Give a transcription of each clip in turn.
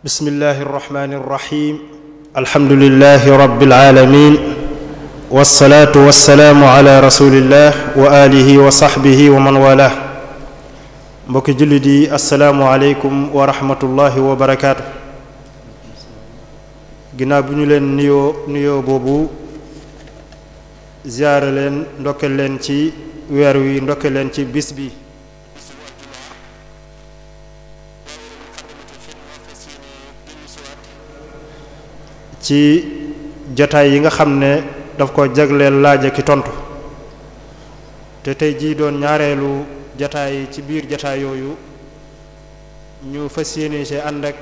بسم الله الرحمن الرحيم الحمد لله رب العالمين والصلاة والسلام على رسول الله وآله وصحبه ومن والاه جلدي السلام عليكم ورحمة الله وبركاته جناب نيولن نيو نيو بوبو زيارلن دوكلن تي ويروي دوكلن تي بيسبي ci jataay yi nga xam ne daf ko jagleel laaja ki tontu te tey jii doon ñaareelu jotaay ci biir jotaay yooyu ñu fas yéene ci ànd ak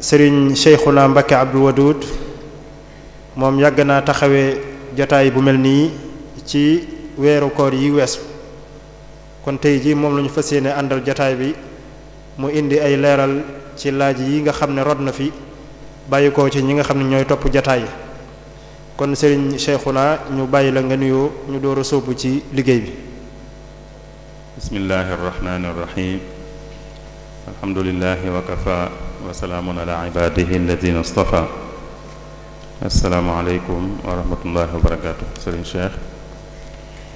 sëriñ Cheikhuna Mbacké Abdou Wadoud moom yàgg naa taxawee jataay bu mel nii ci weeru koor yi weesu kon tey jii moom la ñu fas yéene àndal jataay bi mu indi ay leeral ci laaj yi nga xam ne rod na fi bayiko ci ñi nga xamni ñoy top jotaay kon serigne Cheikhuna ñu bàyyi nga nuyoo ñu dooro sóobu ci liggey bi bismillahir rahmanir rahim alhamdulilahi wa kafa wa salamun ala ibadihi alladhina istafa alaykum wa rahmatullahi wa barakatuh serigne Cheikh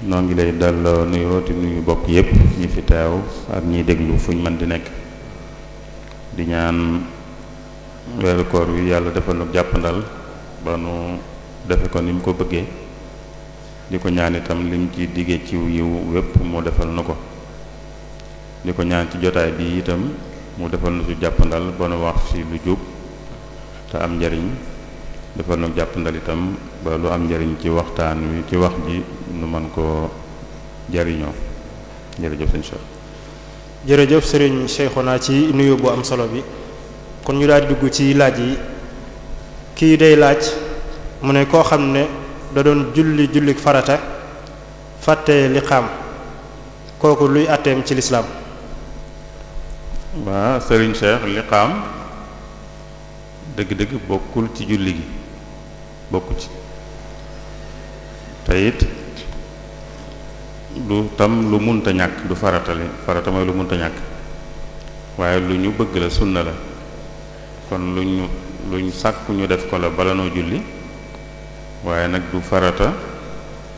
noo ngi lay dal nuyoo di nuyu bokk yépp ñi fi taw ak ñi déglu fuñu mën di nek di ñaan weeru koor wi yàlla defal nu jàppandal ba nu defe ko ni mu ko bëggee di ko ñaan itam lim ci diggee ci yiw wépp mu defal na ko di ko ñaan ci jotaay bii itam mu defal nu ci jàppandal ba nu wax ci lu jub te am njariñ defal nu jàppandal itam ba lu am njariñ ci waxtaan wi ci wax ji nu man koo jariñoo jërëjëf sëñ Cheikh jërëjëf sëriñ ci nuyu bu am solo bi kon ñu daal dugg ci laaj yi kii day laaj mu ne koo xam ne da doon julli julli farata fàtte li xaam kooku luy atteem ci lislaam waa sëriñ Cheikh li dëgg-dëgg bokkul ci julli gi bokku ci te it du tam lu munta ñàkk du faratale farata mooy lu munta ñàkk waaye lu ñu bëgg la sunna la kon luñ ñu luñ sàkku ñu def ko la bala noo julli waaye nag du farata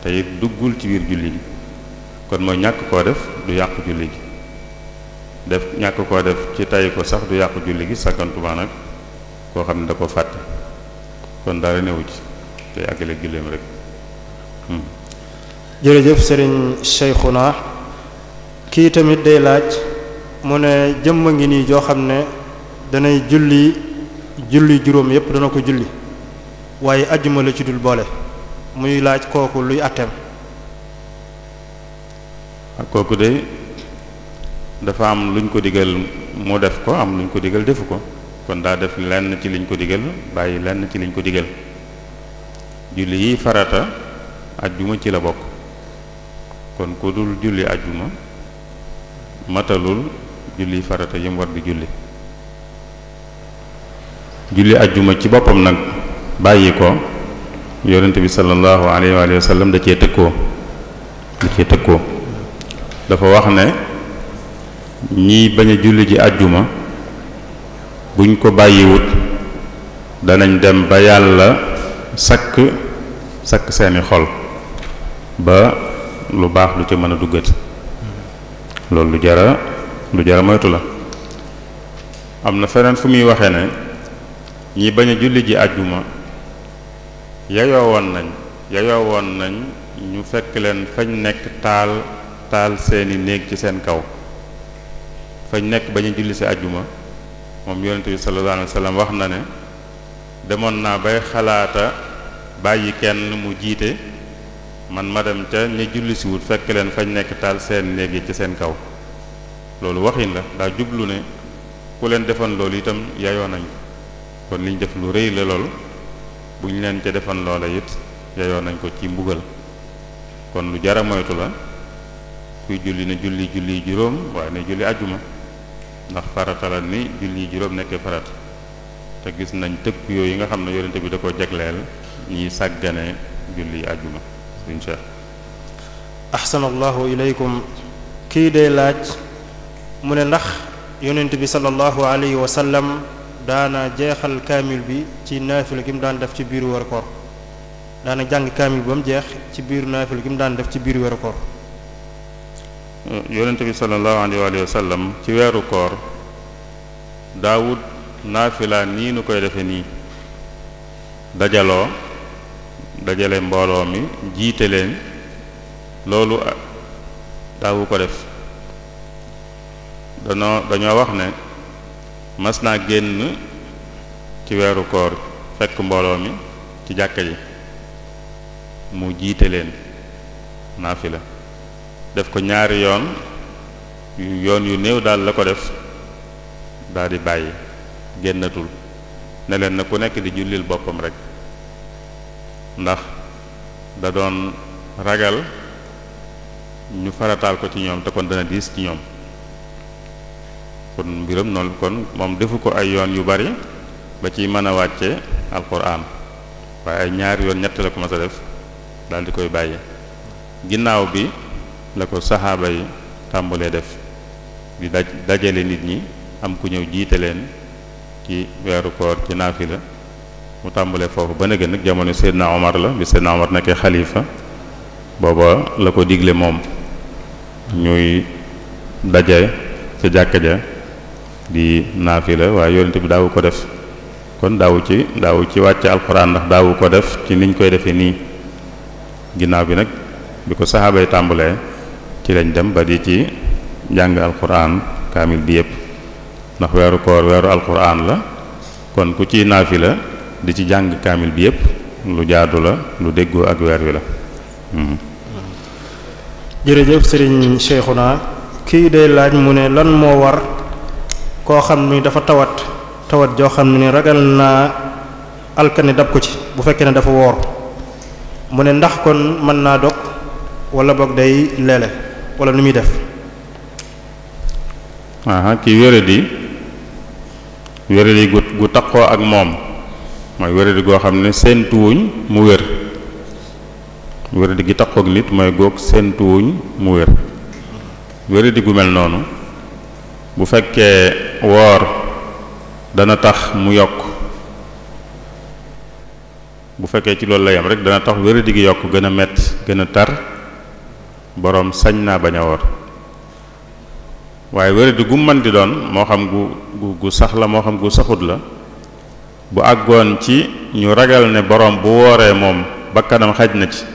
te duggul ci biir julli gi kon mooy ñàkk koo def du yàq julli gi def ñàkk koo def ci tay ko sax du yàq julli gi sàkkantuma nag koo xam ne da ko fàtte kon dara newu ci te yàggale julleem rek hmm. jërëjëf Serigne Cheikhouna kii tamit day laaj mu ne jëmm ngi nii joo xam ne danay julli julli juróom yépp dana ko julli waaye ajjuma la ci dul boole muy laaj kooku luy àtteem ak kooku de dafa am luñ ko digal moo def ko am luñ ko digal defu ko kon daa def lenn ci liñ ko digal bàyyi lenn ci liñ ko digal julli yi farata ajjuma ci la bokk kon ku dul julli ajjuma matalul julli farata yi war di julli julli ajjuma ci boppam nag bàyyi ko yonent bi sallallahu alayhi wa da cee tëkkoo da cee tëkkoo dafa wax ne ñiy bañ a julli ji ajjuma buñ ko bàyyiwut danañ dem ba yàlla sakk sakk seeni xol ba lu baax lu ca mën a duggat loolu lu jara lu jara moytu la am na feneen fu muy waxee ne ñi bañ a julli ji àjjuma yayoo woon nañ yayoo woon nañ ñu fekk leen fañ nekk taal taal seeni néeg ci seen kaw fañ nekk bañu a julli si àjjuma moom yonente bi sallallahu wax na ne demoon naa bay xalaata bàyyi kenn mu jiite man ma dem ca ña julli si wut fekk leen fañ nekk taal seen néeg yi ci seen kaw loolu waxin la daa jublu ne ku leen defoon loolu itam yayoo nañ kon liñ def lu reey la loolu buñ ñu leen ca defan loola it yeyoo nañ ko ci mbugal kon lu jara moytu la kuy julli na julli julli jurom waaye ne julli aljuma ndax farata la ni julli jurom nekkee farata te gis nañ tëkk yooyu nga xam yoonte bi da ko jeglel ni sagane julli aljuma suñ cheikh ahsanallahu ilaykum ki de laaj mune ndax yoonte bi sallallahu alayhi wa sallam daana jeexal kaamil bi ci naafila gi mu daan def ci biiru weeru koor daana jàng kaamil ba mu jeex ci biiru naafila gi mu daan def ci biiru weeru koor yonente bi sallallahu alayhi wa sallam ci weeru koor daawud naafila nii nu koy defe nii dajaloo dajale mbooloo mi jiite leen loolu daawu ko def danoo dañoo wax ne mas naa génn ci weeru koor fekk mbooloo mi ci jàkka ji mu jiite leen la def ko ñaari yoon yoon yu néew daal la ko def daldi bàyyi génnatul ne leen na ku nekk di jullil boppam rek ndax da doon ragal ñu farataal ko ci ñoom te kon dana diis ci ñoom kon mbiram noonu kon moom defu ko ay yoon yu bari ba ci mën a wàcce alquran waaye ay ñaari yoon ñett la ko mas a def daal di koy bàyyi ginnaaw bi la ko saxaaba yi tàmbalee def di daj dajale nit ñi am ku ñëw jiite leen ci weeru koor ci naafila mu tàmbalee foofu ba nëgën nag jamono Seydina Omar la bi Seydina Omar nekkee xalifa booba la ko digle moom ñuy daje ca jàkka ja di naafila wa yonent bi daawu ko def kon daawu ci daawu ci wacc alquran ndax daawu ko def ci niñ koy defee ni ginaaw bi nak biko sahaba ay yi ci lañ dem ba di ci jang alquran kamil bi yépp ndax weeru koor alquran la kon ku ci naafila di ci jang kamil bi yépp lu jaadu la lu deggo ak weer wi la hmm. jërëjëf serigne cheikhuna kii day laaj mu ne lan mo war ko xamni dafa tawat tawat jo xamni ni ragal na alkane dab ko ci bu fekke ne dafa wor mune ndax kon man na dok wala bok day lele wala numi def aha ki wéradi wéradi gu gu takko ak moy wéré di go xamni sentu wuñ mu wér di gi takko ak nit gok sentu wuñ mu wér di gu mel bu fekke wor dana tax mu yok bu fekke ci lolou lay am rek dana tax wëre digi yok gëna met gëna tar borom sañna baña wor waye wëre waaye gu di doon mo xam gu gu gu sax la mo xam gu saxut la bu aggon ci ñu ragal ne borom bu woré mom bakkanam xaj na ci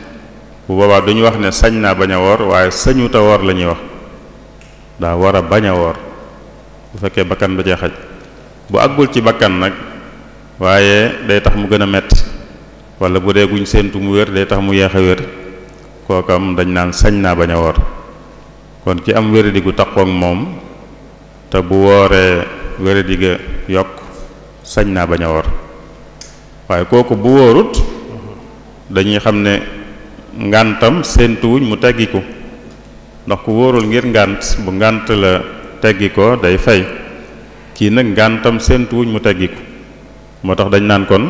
bu baba duñ wax ne sañna baña wor waye sañu ta wor lañuy wax da war baña wor bu fekke bakkan ba jeexaj bu agul ci bakkan nak waye day tax mu gëna metti wala bu dee guñ mu wër day tax mu yeexa wër kokam dañ nan sañ naa bañ kon ci am wéradi gu ak mom ta bu woré wéradi ga yokk sañ naa baña wor waye koku bu worut dañuy ne ngàntam mu teggiku ndax ku worul ngir ngant bu ngant la teggi ko day fay kii nag ngàntam séentuwuñ mu teggi ko moo tax dañ naan kon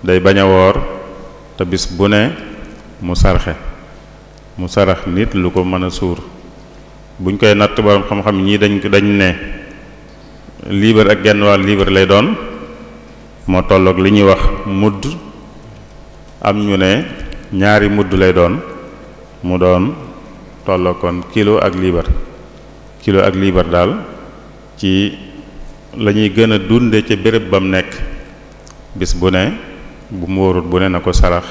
day bañ a woor te bu ne mu sarxe mu sarax nit lu ko mën a suur buñ koy natt borom xam-xam ñii dañ ko dañ ne liibar ak genn wàll liibar lay doon moo tollook li ñuy wax mudd am ñu ne ñaari mudd lay doon mu doon tolloog kon kilo ak liibar kilo ak liibar daal ci lañuy ñuy gën a dunde ca béréb bam nekk bis bu ne bu mu wóorut bu ne na ko sarax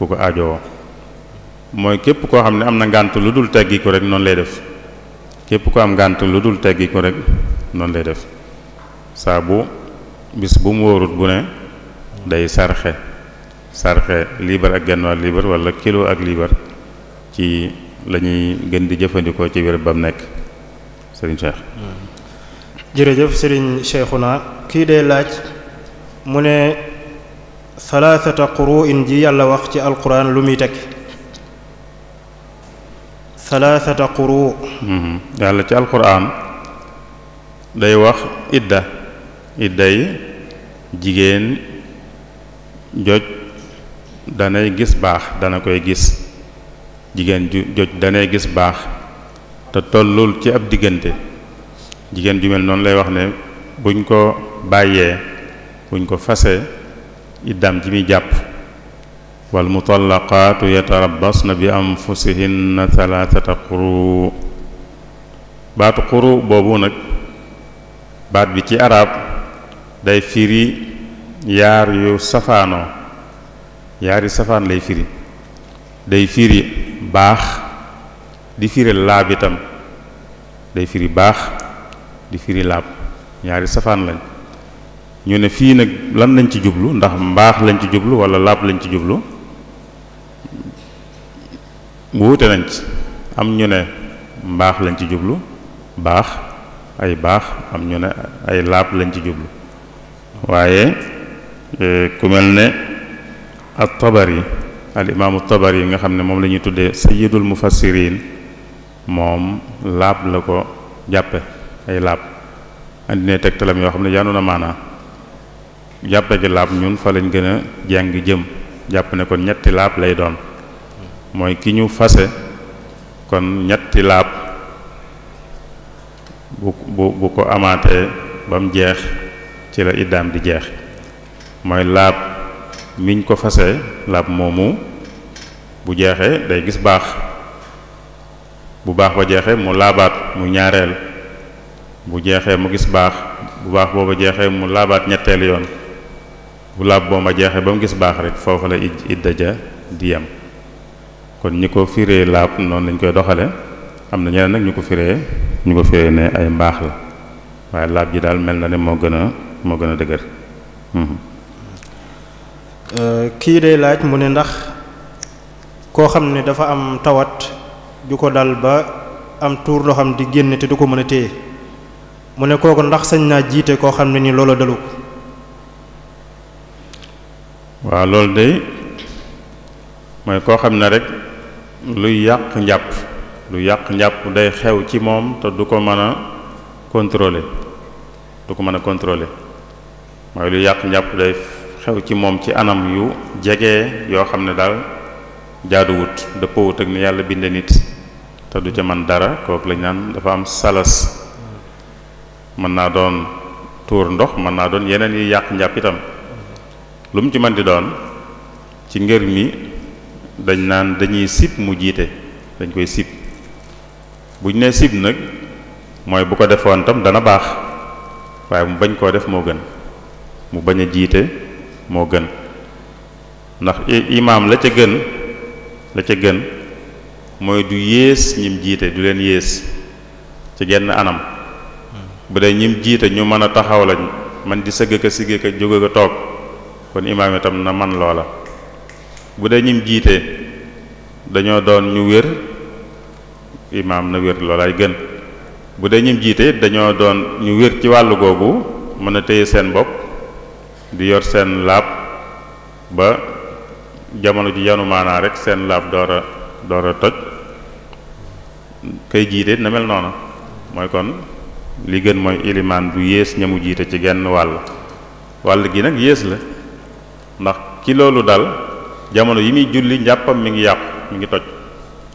ku ko ajoo mooy képp koo xam ne am na ngànt lu dul teggi rek noonu lay def képp ko am ngànt lu dul teggi ko rek noonu lay def saa bu bis bu mu wóorut bu ne day sarxe sarxe liibar ak genn wàll liibar wala kilo ak liibar ci lañuy gën di jëfandikoo ci wér bam nekk sëriñ Cheikh. jërëjëf sëriñ Cheikhuna kii dee laaj mu ne salaasata quru'in ji yàlla wax ci alquran lu muy tekki salaasata quru mhm. yàlla ci alquran day wax idda idda jigéen joj danay gis baax dana koy gis jigéen ju danay gis baax te tollul ci ab diggante jigéen ju noonu lay wax ne buñ ko bàyyee buñ ko fasee iddaam ji muy jàpp wal mutallaqaatu yatarabbasna bi anfusihinna thalathata quru baatu quru boobu nag baat bi ci arab day firi yaar yu safaanoo yaari safaan lay firi day firi baax di fiire laab itam day firi baax di firi laab ñaari safaan lañ ñu ne fii nag lan lañ ci jublu ndax mbaax lañ ci jublu wala laab lañ ci jublu wuute nañ ci am ñu ne mbaax lañ ci jublu baax ay baax am ñu ne ay laab lañ ci jublu waaye e, ku mel ne at-Tabari al imaamu yi nga xam ne moom la ñuy tuddee sayyidul mufassirin moom laab la ko jàppe ay laab andi ne tegtalam yoo xam ne yanu na maanaa jàppe gi laab ñun fa lañ gën a jàng jëm jàpp ne kon ñetti laab lay doon mooy ki ñu fase kon ñetti laab bu bu bu ko amaatee ba mu jeex ci la iddaam di jeex mooy laab miñ ko fase laab moomu bu jeexee day gis baax bu baax ba jexé mu labat mu ñaarel bu jexé mu gis baax bu baax ba jexé mu labat ñettel yoon bu lab bo ma jexé bam gis baax rek fofu la iddaja di kon ñiko firé lab non lañ koy doxale am ñeneen nag ñu ko ay mbax la waaye lab ji dal mel né mo gëna mo gëna dëgër hmm euh ki dé laaj mu né ndax ko xamné dafa am tawat ju ko dal ba am tuur loo xam di génn te du ko mën a téye mu ne kooku ndax sañ naa jiite koo xam ne ni loola dalu ko waaw loolu de mooy koo xam ne rek luy yàq njàpp lu yàq njàpp day xew ci moom te du ko mën a contrôler du ko mën a contrôler mooy lu yàq njàpp day ci moom ci anam yu jege yoo xam ne daal jaaduwut dëppowut ak ni yàlla binde nit te ca man dara kooku lañ naan dafa am salas mën naa doon tuur ndox mën naa doon yeneen yi yàq njàpp itam lu mu ci man di doon ci ngër mi dañ naan dañuy sib mu jiite dañ koy sib bu ñu nee sib nag mooy bu ko defoon tam dana baax waaye mu bañ koo def moo gën mu bañ a jiite moo gën ndax imaam la ca gën la ca gën mooy du yées ñim jiite du leen yées ci genn anam bu dee ñim jiite ñu mën a taxaw lañ man di sëgg ka sigg ka jóg ka toog kon imaam itam na man loola bu dee ñim jiite dañoo doon ñu wér imaam na wér loolaay gën bu dee jiite dañoo doon ñu wér ci wàllu googu mën a téye seen bopp di yor seen laab ba jamono ji yanu maanaa rek seen laab door a toj kay jiite na mel noona mooy kon li gën mooy ilimaan bu yées ñamu jiite ci genn wàll wàll gi nag yées la ndax ki loolu dal jamono yi muy julli njàppam mi ngi yàqu mi ngi toj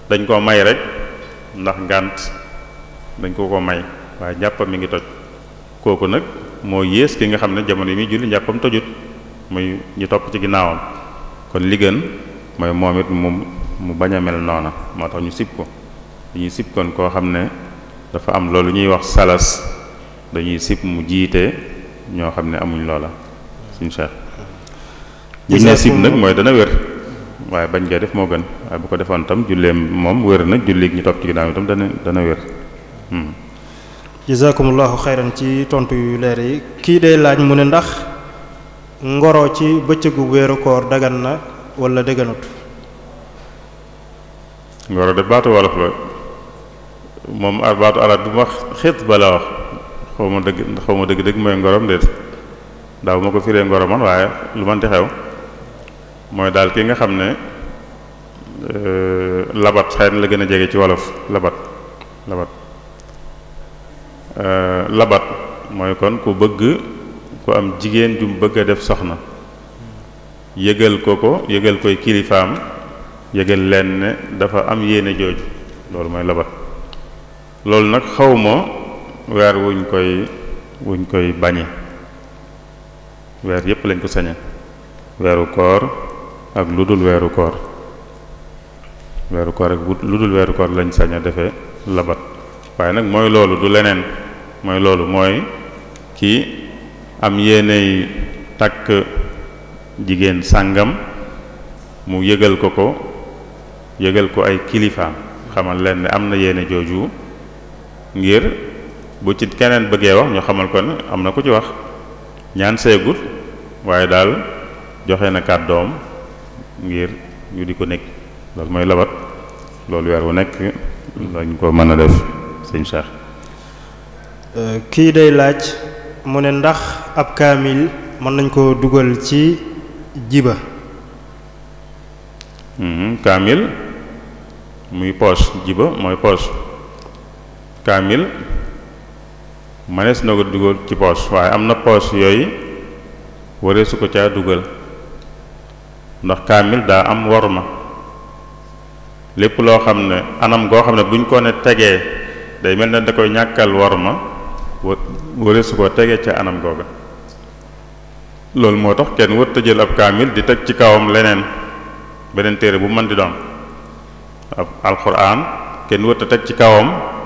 dañ koo may rek ndax ngànt dañ ko ko may waaye njàppam mi ngi toj kooku nag moo yées ki nga xam ne jamono yi muy julli njàppam tojut muy ñu topp ci ginnaawam kon li gën mooy moom it mu mu bañ a mel noona moo tax ñu sib ko dañuy sib kon koo xam ne dafa am loolu ñuy wax salas dañuy sib mu jiite ñoo xam ne amuñ loola suñ cheikh buñ ne sib nag mooy dana wér waaye bañ koy def moo gën waaye bu ko defoon tam julleem moom wér na julli ñu topp ci ginnaaw itam dana dana wér hmm. jazakumullahu xayran ci tontu yu leer yi kii dee laaj mu ne ndax ngoro ci bëccëgu weeru koor dagan na wala dëgganut ngoro de baatu wolof la moom arbaatu arab bi mu wax xitba la wax xaw ma dëgg xaw ma dëgg-dëgg mooy ngorom déet daaw ma ko firee ngoroman waaye lu man di xew mooy daal ki nga xam ne euh, labat xëy na la gën a jege ci wolof labat labat euh, labat mooy kon ku bëgg ku am jigéen ju bëgg a def soxna yëgal ko ko yëgal koy kilifaam yëgal leen ne dafa am yéene jooju loolu mooy labat loolu nag xawma weer wuñ koy wuñ koy bañe weer yépp lañ ko sañe weeru koor ak lu dul weeru koor weeru koor ak lu dul weeru koor lañ saña defe labat waaye nag mooy loolu du leneen mooy loolu mooy ki am yéeney takk jigéen sàngam mu yëgal ko ko yëgal ko ay kilifaam xamal leen ne am na yéene jooju ngir bu ci keneen bëggee wax ñu xamal ko ne am na ku ci wax ñaan seegut waaye daal joxe na doom ngir ñu di ko nekk loolu mooy labat loolu weer wu nekk lañ ko mën a def sëñ Cheikh euh, kii day laaj mu ne ndax ab kaamil mën nañ koo dugal ci jiba mhm, kaamil muy poche jiba mooy poos kaamil manees na ko dugal ci poos waaye am na poos yooyu waree ko caa dugal ndax kaamil daa am worma lépp loo xam ne anam goo xam ne buñ ko ne tegee day mel ne da koy ñàkkal worma waree su ko tegee ca anam googa loolu moo tax kenn wër jël ab kaamil di teg ci kawam leneen beneen téere bu mën di doon ab alxuraan kenn wër teg ci kawam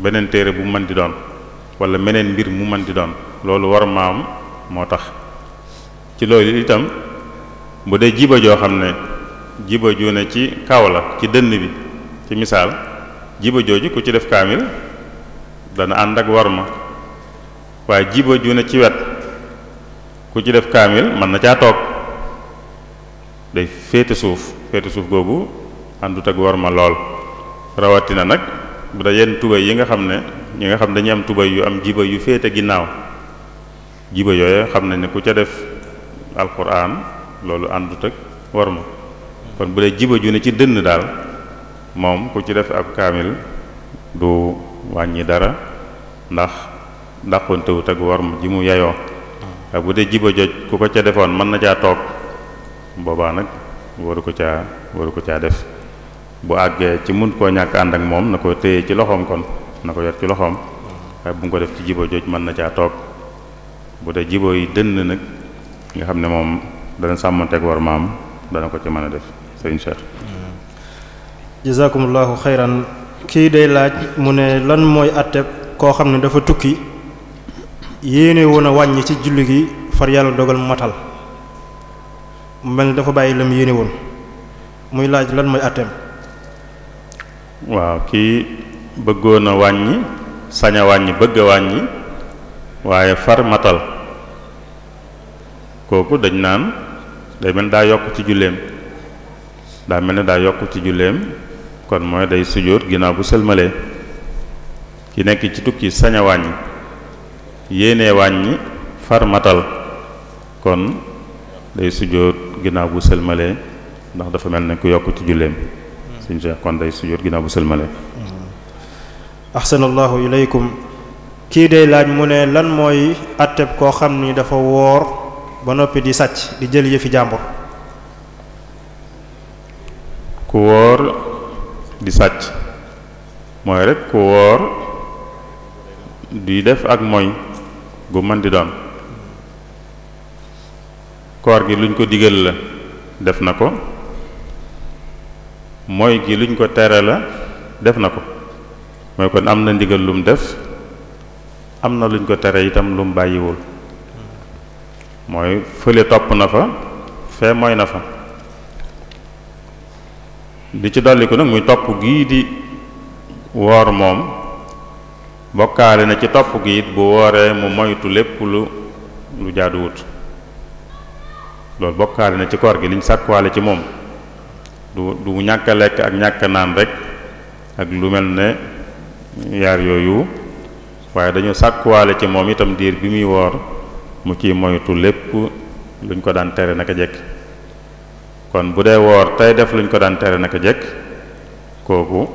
beneen téere bu mën di doon wala meneen mbir mu mën di doon loolu war maam moo tax ci loolu itam bu dee jiba joo xam ne jiba ju ci kaw ci dënn bi ci misaal jiba jooju ku ci def kaamil dana ànd ak war ma waaye jiba ju ne ci wet ku ci def kaamil mën na caa toog day féete suuf féete suuf googu àndut ak war ma lool rawatina nag bu da yenn tubay yi nga xam ne ñi nga xam dañuy am tubay yu am jiba yu féete ginnaaw jiba yooyu xam nañ ne ku ca def alquran loolu àndut ak war ma kon bu dee jiba ju ne ci dënn daal moom ku ci def ab kaamil du wàññi dara ndax dàqontewut ak war ma ji mu yayoo hmm. ak bu dee jiba joj ku ko ca defoon mën na caa toog boobaa nag waru ko caa waru ko caa def bu àggee ci mun koo ñàkk ànd ak moom na koo téye ci loxoom kon na ko yor ci loxoom waaye bu nga ko def ci jibo jooj mën na caa toog bu dee jibo yi dënn nag nga xam ne moom dana sàmmanteeg war maam dana ko ci mën a def sëriñ Cheikh jazakumullahu xayran kii day laaj mu ne lan mooy àtte koo xam ne dafa tukki yéene woon a wàññi ci julli gi far yàlla dogal matal mu mel ni dafa bàyyi lam yéene woon muy laaj lan mooy àtteem waaw kii bëggoon a wàññi saña wàññi bëgg wàññi waaye far matal kooku dañ naan day mel daa yokk ci julleem daa mel ne daa yokk ci julleem kon mooy day sujjóot ginnaaw bu sëlmalee ki nekk ci tukki sañ a wàññi yéene wàññi far matal kon day sujjóot ginnaaw bu sëlmalee ndax dafa mel ne ku yokk ci julleem sëñ Cheikh kon day sujjóot ginnaaw bu sëlmale hmm. ahsanallahu ilaykum kii day laaj mu ne lan mooy atteb koo xam ni dafa woor ba noppi di sàcc di jël yëfi jàmbur ku woor di sàcc mooy rek ku woor di def ak moy gu mën di doon koor gi luñ ko digal la def na ko mooy gi luñ ko tere la def na ko mooy kon am na ndigal lum def am na luñ ko tere itam lum bàyyiwul mooy fële topp na fa fee mooy na fa li ci dolli nag muy topp gii di woor moom bokkaale na ci topp gi it bu wooree mu moytu lépp lu lu jaaduwut lool bokkaale na ci koor gi liñ sàkkuwaale ci moom du du ñàkk lekk ak ñàkk a naan rek ak lu mel ne yaar yooyu waaye dañu sàkkuwaale ci moom itam diir bi muy woor mu ci moytu lépp luñ ko daan tere naka jekk kon bu dee woor tey def luñ ko daan tere naka jekk kooku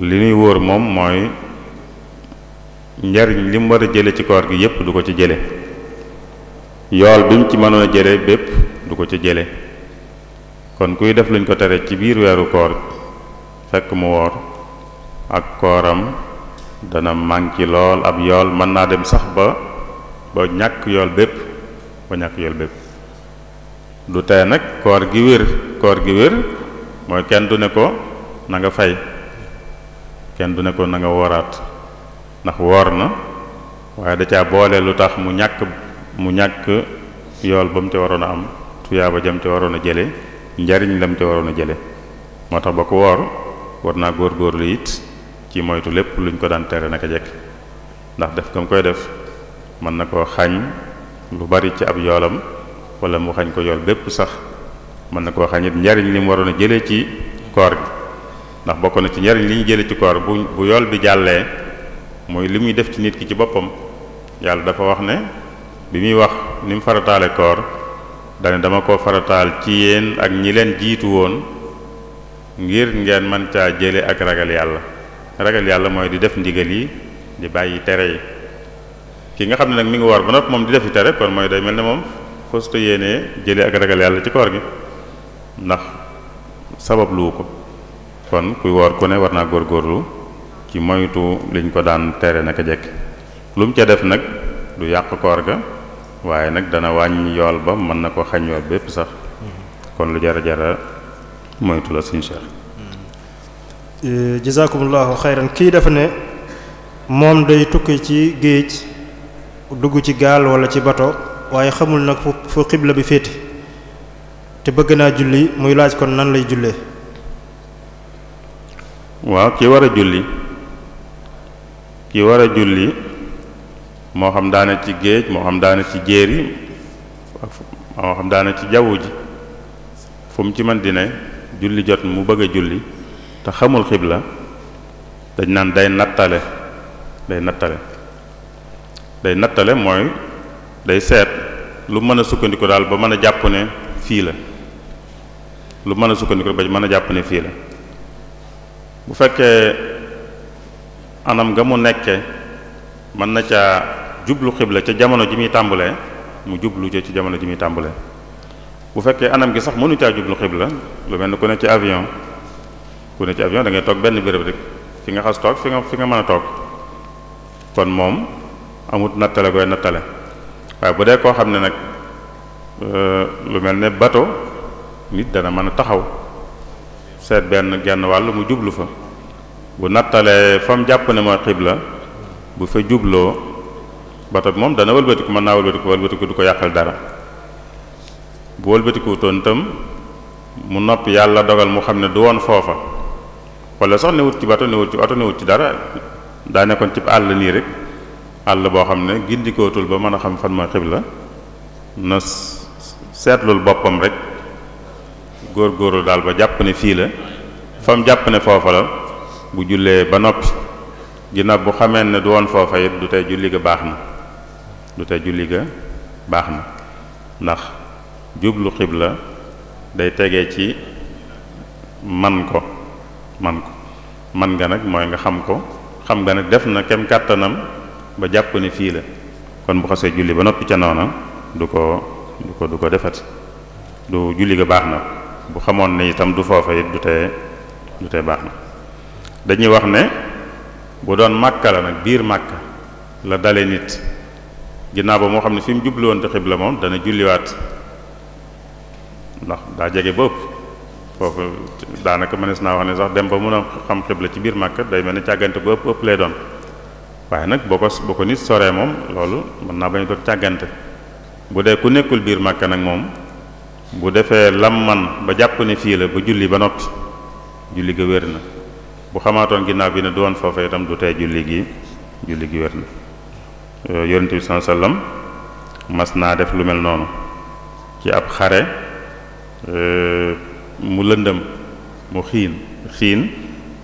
li ñuy woor moom mooy njariñ li mu war a jële ci koor gi yépp du ko ci jële yool bi mu ci mënoon a jële bépp du ko ci jële kon kuy def luñ ko téré ci biir wéru koor fekk mu wor ak kooram dana manki lool ab yool man na dem sax ba ba ñak yool bép ba ñak yool bép du tee nak koor gi wër koor gi wër moy kèn du ne ko na nga fay kèn du ne ko na nga worat nak wor na waye da ca bolé lu mu ñak mu ñak yool bam mu warona am jam ca waroon a njariñ lam ca waroon a jële moo tax ba woor war naa góor góorlu it ci moytu lépp luñ ko daan tere naka jekk ndax def gam koy def mën na koo xañ lu bari ci ab yoolam wala mu xañ ko yool bépp sax mën na koo xañ it njariñ li mu waroon a jëlee ci koor gi ndax bokkoon na ci njariñ li ñu jëlee ci koor bu bu yool bi jàllee mooy li muy def ci nit ki ci boppam yàlla dafa wax ne bi muy wax ni mu farataale koor dane dama ko farataal ci yéen ak ñi leen jiitu woon ngir ngeen mën caa jële ak ragal yàlla ragal yàlla mooy di def ndigal yi di bàyyi tere yi kii nga xam ne nag mi ngi war ba nopp moom di def defi tere kon mooy day mel ne moom fostu yéenee jële ak ragal yàlla ci koor gi ndax sabab lu ko kon kuy woor ku ne war naa góorgóorlu ci moytu liñ ko daan tere naka jekk lu mu ca def nag du yàq koor ga waaye nag dana wàññi yool ba mën na ko xañ yool bépp sax kon lu jara jara moytu la suñu cheikh eh, jazakumullahu xayran kii dafa ne moom day tukki ci géej dugg ci gaal wala ci bato waaye xamul nag fu fu xibla bi féete te bëgg naa julli muy laaj kon nan lay jullee waaw ki war a julli ki war a julli moo xam daana ci géej moo xam daana ci jéer yi moo ci jaww ji fu ci man di ne julli jot mu bëgg a julli te xamul la dañ naan day nattale day nattale day nattale mooy day seet lu mën a sukkandiku daal ba mën a jàpp ne fii la lu mën a sukkandiku ba mën a jàpp ne fii la bu fekkee anam nga mu nekke mën na caa jublu xibla ca jamono ji muy tàmbalee mu jublu ca ci jamono ji muy tàmbalee bu fekkee anam gi sax mënu caa jublu xibla lu mel ni ku ne ci avion ku ne ci avion da ngay toog benn béréb rek fi nga xas toog fi nga fi nga mën a toog kon moom amut nattale koy nattale waaye bu dee koo xam ne nag euh, lu mel ne bato nit dana mën a taxaw seet benn genn wàll mu jublu fa bu nattalee fa jàpp ne mooy xibla bu fa jubloo bato moom dana wëlbatiku mën naa wëlbatiku wëlbatiku du ko yàqal dara bu wëlbatiku toon tam mu noppi yàlla dogal mu xam ne du woon foofa wala sax ci bato newut ci oto newut ci dara daa nekkoon ci àll nii rek àll boo xam ne gindikootul ba mën a xam fan ma xibla seetlul boppam rek góor-góorlu daal ba jàpp ne fii la fam jàpp ne foofa la bu jullee ba noppi ginnaaw bu xamee ne du woon foofa it du tey julli ga baax na du te julli ga baax na ndax jublu xib la day tegee ci man ko man ko man nga nag mooy nga xam ko xam nga nag def na kem kàttanam ba jàpp ne fii la kon bu xasee julli ba noppi ca noona du ko du ko du ko defati du julli ga baax na bu xamoon ne itam du foofa it du tee du tee baax na dañuy wax ne bu doon màkka la nag biir màkka la dale nit ginnaaw ba moo xam ne fi mu jubluwoon te xibla moom dana julliwaat ndax daa jege ba ëpp foofu daanaka mënees naa wax ne sax dem ba mën a xam xibla ci biir Màkka day mel ne càggante bu ëpp lay doon waaye nag boo ko soree moom loolu mën naa bañ a doon bu dee ku nekkul biir Màkka nag moom bu defee lam man ba jàpp ne fii la ba julli ba noppi julli gi wér na bu xamaatoon ginnaaw bi ne du woon foofa itam du tey julli gi julli gi wér na Euh, yonent bi sallallahu alayhi mas naa def lu mel noonu ci ab xare euh, mu lëndëm mu xiin xiin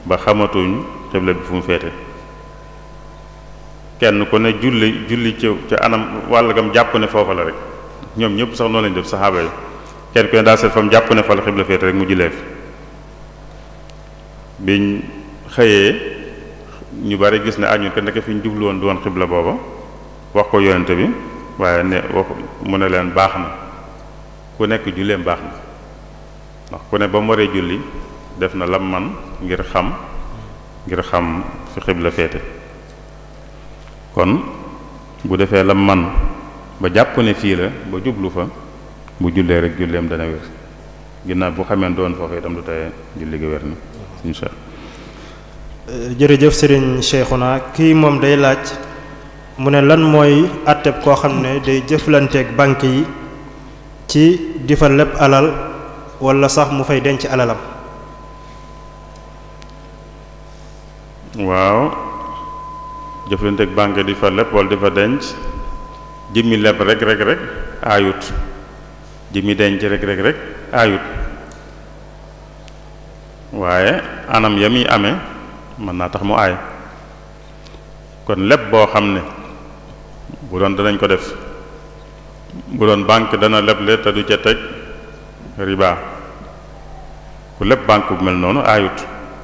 ba xamatuñ xibla bi fu mu féete kenn ku ne julli julli ci anam wàll gam jàpp ne foofa la rek ñoom ñëpp sax noonu lañ def saxaaba yi kenn ku ne daa seet fa mu jàpp ne fa la xibla féete rek mu jullee fi biñ xëyee ñu bari gis ne ah ñun kat ndeke fi ñu jublu woon du woon xibla booba wax ko yonente bi waaye ne wax mu ne leen baax na ku nekk julleem baax na ndax ku ne ba waree julli def na lam man ngir xam ngir xam fi la féete kon bu defee lam man ba jàpp ne fii la ba jublu fa bu jullee rek julleem dana wér ginnaaw bu xamee doon foofu itam du tey julli gi na insha Allah jërëjëf Serigne kii moom day laaj mu ne lan mooy àtteb koo xam ne day jëflanteek bànk yi ci di fa lépp alal wala sax mu fay denc alalam waaw jëflanteeg banque di fa lépp wala di fa denc jëmmi lépp rek rek rek aayut jëmmi denc rek rek rek aayut waaye anam ya muy ame mën naa tax mu aay kon lépp boo xam ne bu doon danañ ko def bu doon banque dana leble te du ca teg riba ku leb banque bu mel noonu aayut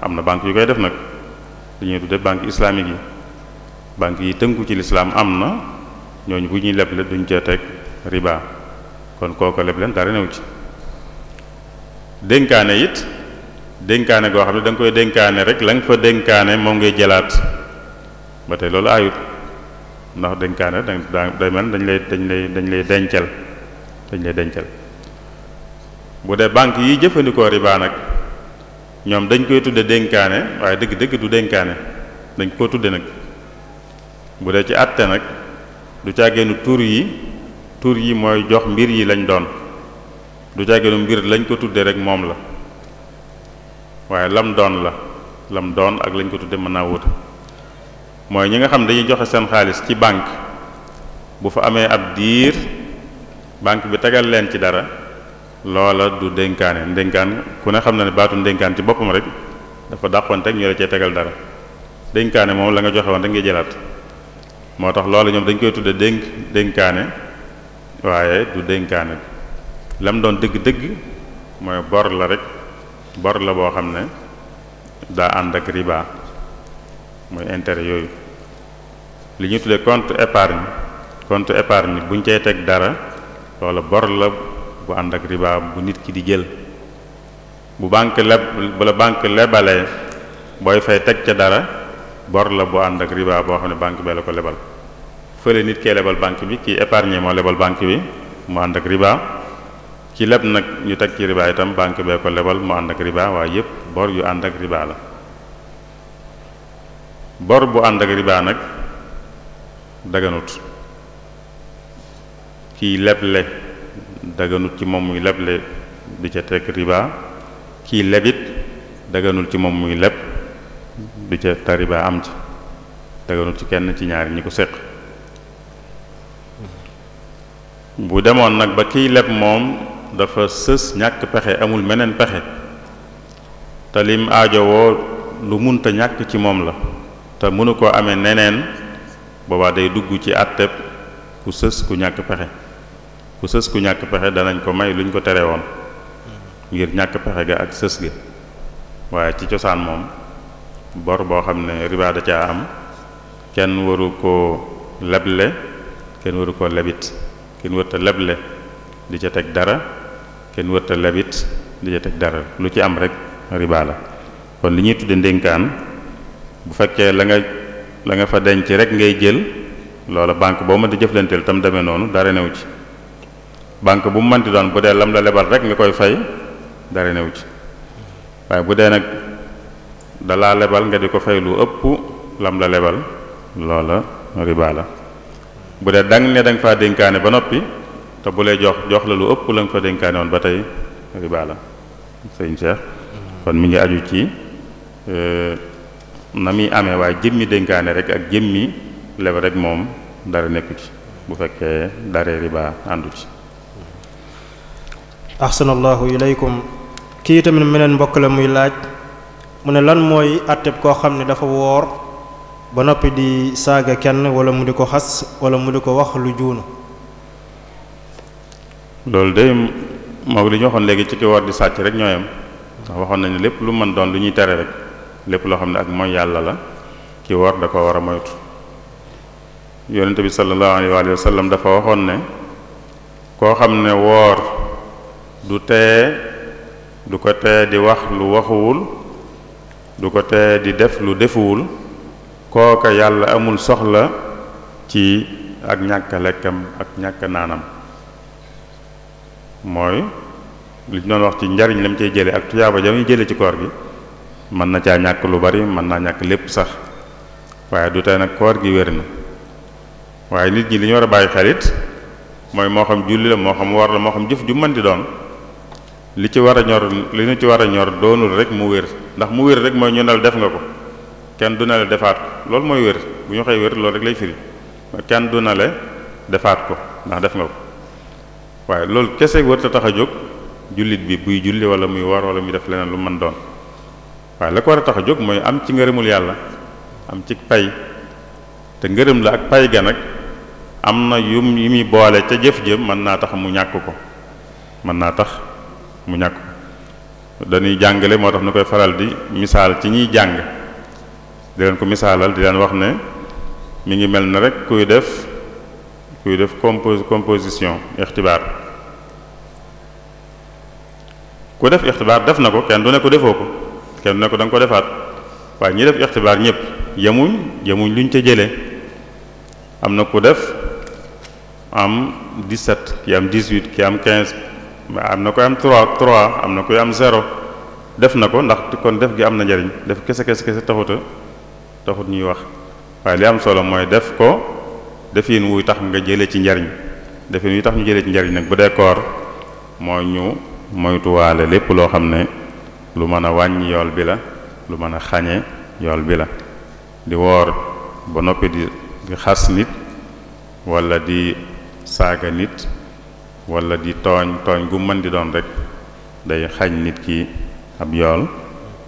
am na banque yu koy def nag li ñuy tudde banque islamique yi banque yi tënku ci lislaam am na ñooñ bu ñuy leble duñ ca teg riba kon kooko leb leen dara new ci dénkaane it dénkaane goo xam ne da koy dénkaane rek la nga fa dénkaane moom ngay jëlaat ba tey loolu aayut ndax dénkaane da day mel dañ lay dañ lay dañ lay dencal dañ lay dencal bu dee banque yi jëfandikoo riba nag ñoom dañ koy tudde dénkaane waaye dëgg-dëgg du dénkaane dañ koo tudde nag bu dee ci àtte nag du càggeenu tur yi tur yi mooy jox mbir yi lañ doon du càggeenu mbir lañ ko tudde rek moom la waaye lam doon la lam doon ak lañ ko tudde mën naa wuute mooy ñi nga xam dañuy joxe seen xaalis ci bànk bu fa amee ab diir banque bi tegal leen ci dara loola du dénkaane ndénkaan ku ne xam na ne baatu ndénkaan ci boppam rek dafa dàqoon teg ñu la cee tegal dara dénkaane moom la nga joxe woon rek nga jëlaat moo tax loola ñoom dañ koy tudde dénk dénkaane waaye du dénkaane lam doon dëgg-dëgg mooy bor la rek bor la boo xam ne daa ànd ak riba mooy intérêt yooyu li ñu tuddee compte épargne compte épargne buñ cay teg dara loola bor la bu ànd ak riba bu nit ki di jël bu banque leb bu la banque lebalee booy fay teg ca dara bor la bu ànd ak riba boo xam ne banque bee la ko lebal fële nit kee lebal banque bi kii épargne moo lebal banque bi mu ànd ak riba ki leb nag ñu teg ci riba itam banque bee ko lebal mu ànd ak riba waaye yépp bor yu ànd ak riba la bor bu ànd ak riba nag daganut kiy leble daganut ci moom muy leble bi ca teg riba kiy lebit daganul ci moom muy leb di ca taribaa am ci daganut ci kenn ci ñaari ñi ko séq bu demoon nag ba kiy leb moom dafa sës ñàkk pexe amul meneen pexe te lim aajowoo lu munta ñàkk ci moom la te mënu koo amee neneen boobaa day dugg ci àtteb ku sës ku ñàkk pexe ku sës ku ñàkk pexe danañ ko may luñ ko tere woon ngir ñàkk pexe ga ak sës ga waaye ci cosaan moom bor boo xam ne riba da caa am kenn waru koo leble kenn waru ko lebit kenn wërta leble di ca teg dara kenn wërta lebit di ca teg dara lu ci am rek riba kon li ñuy tudde ndénkaan bu fekkee la nga la nga fa denc rek ngay jël loola banque boo mën di jëflanteel tam demee noonu dara new ci banque bu mu mënti doon bu dee lam la lebal rek nga koy fay dara new ci waaye bu dee nag dalaa lebal nga di ko fay lu ëpp lam la lebal loola riba la bu dee dang ne danga faa dénkaane ba noppi te bu lay jox jox la lu ëpp la nga fa dénkaane woon ba tey riba la sëñ Cheikh kon mi ngi aju ci euh, na muy amee waaye jëmmi dénkaane rek ak jëmmi leb rek moom dara nekku ci bu fekkee daree riba àndu ci ahsanallahu ilaykum kii tamit meneen mbokk la muy laaj mu ne lan mooy àtteb koo xam ne dafa woor ba noppi di saaga kenn wala mu di ko xas wala mu di ko wax lu juunu loolu day moo li ñu waxoon léegi ci ki woor di sàcc rek ñooyam ndax waxoon nañu lépp lu mën doon lu ñuy tere rek lépp loo xam ne ak mooy yàlla la ki war da ko war a moytu yonente bi sallallahu alayhi wa sallam dafa waxoon ne koo xam ne woor du tee du ko tee di wax lu waxuwul du ko tee di def lu defuwul kooka yàlla amul soxla ci ak ñàkk lekkam ak ñàkk naanam mooy li ñu doon wax ci njariñ lam cay jële ak tuyaaba jam ñu jële ci koor gi man na ca ñak lu bari man na ñak lepp sax waye du tay nak koor gi wér waye nit ñi li ñu war a xarit moy mo xam julli la mo xam war la mo xam jëf ju man di doon li ci wara ñor li ñu ci wara ñor doonul rek mu wër ndax mu wër rek moy ñu nal def nga ko kèn du na defaat lool moy wër bu ñu xey wër lool rek lay firi kèn du na defaat ko ndax def nga ko waye lool kessé wër ta taxajuk julit bi buy julli wala muy war wala muy def lenen lu man doon waaye la ko war a tax a jóg mooy am ci ngërëmul yàlla am ci pay te ngërëm la ak pay ga nag am na yu yu muy boole ca jëf jëm mën naa tax mu ñàkk ko mën naa tax mu ñàkk dañuy jàngale moo tax nu koy faral di misaal ci ñuy jàng di leen ko misaalal di leen wax ne mu ngi mel na rek kuy def kuy def compos composition ixtibaar ku def ixtibaar def na ko kenn du ne ko defoo ko kenn ne ko da nga ko defaat waaye ñi def ixtibaar ñëpp yemuñ yemuñ luñ ca jëlee am na ku def am 17 ki am 18 ki am 15 am na koy am 3 3 am na koy am 0 def na ko ndax kon def gi am na njariñ def kese kese kese taxut a taxut ñuy wax waaye li am solo mooy def ko defin wuy tax nga jëlee ci njariñ defin wuy tax ñu jëlee ci njariñ nag bu dee koor moo ñu moytuwaale lépp loo xam ne. lu mën a wàññi yool bi la lu mën a xañe yool bi la di woor ba noppi di xas nit wala di saaga nit wala di tooñ tooñ gu mën di doon rek day xañ nit ki ab yool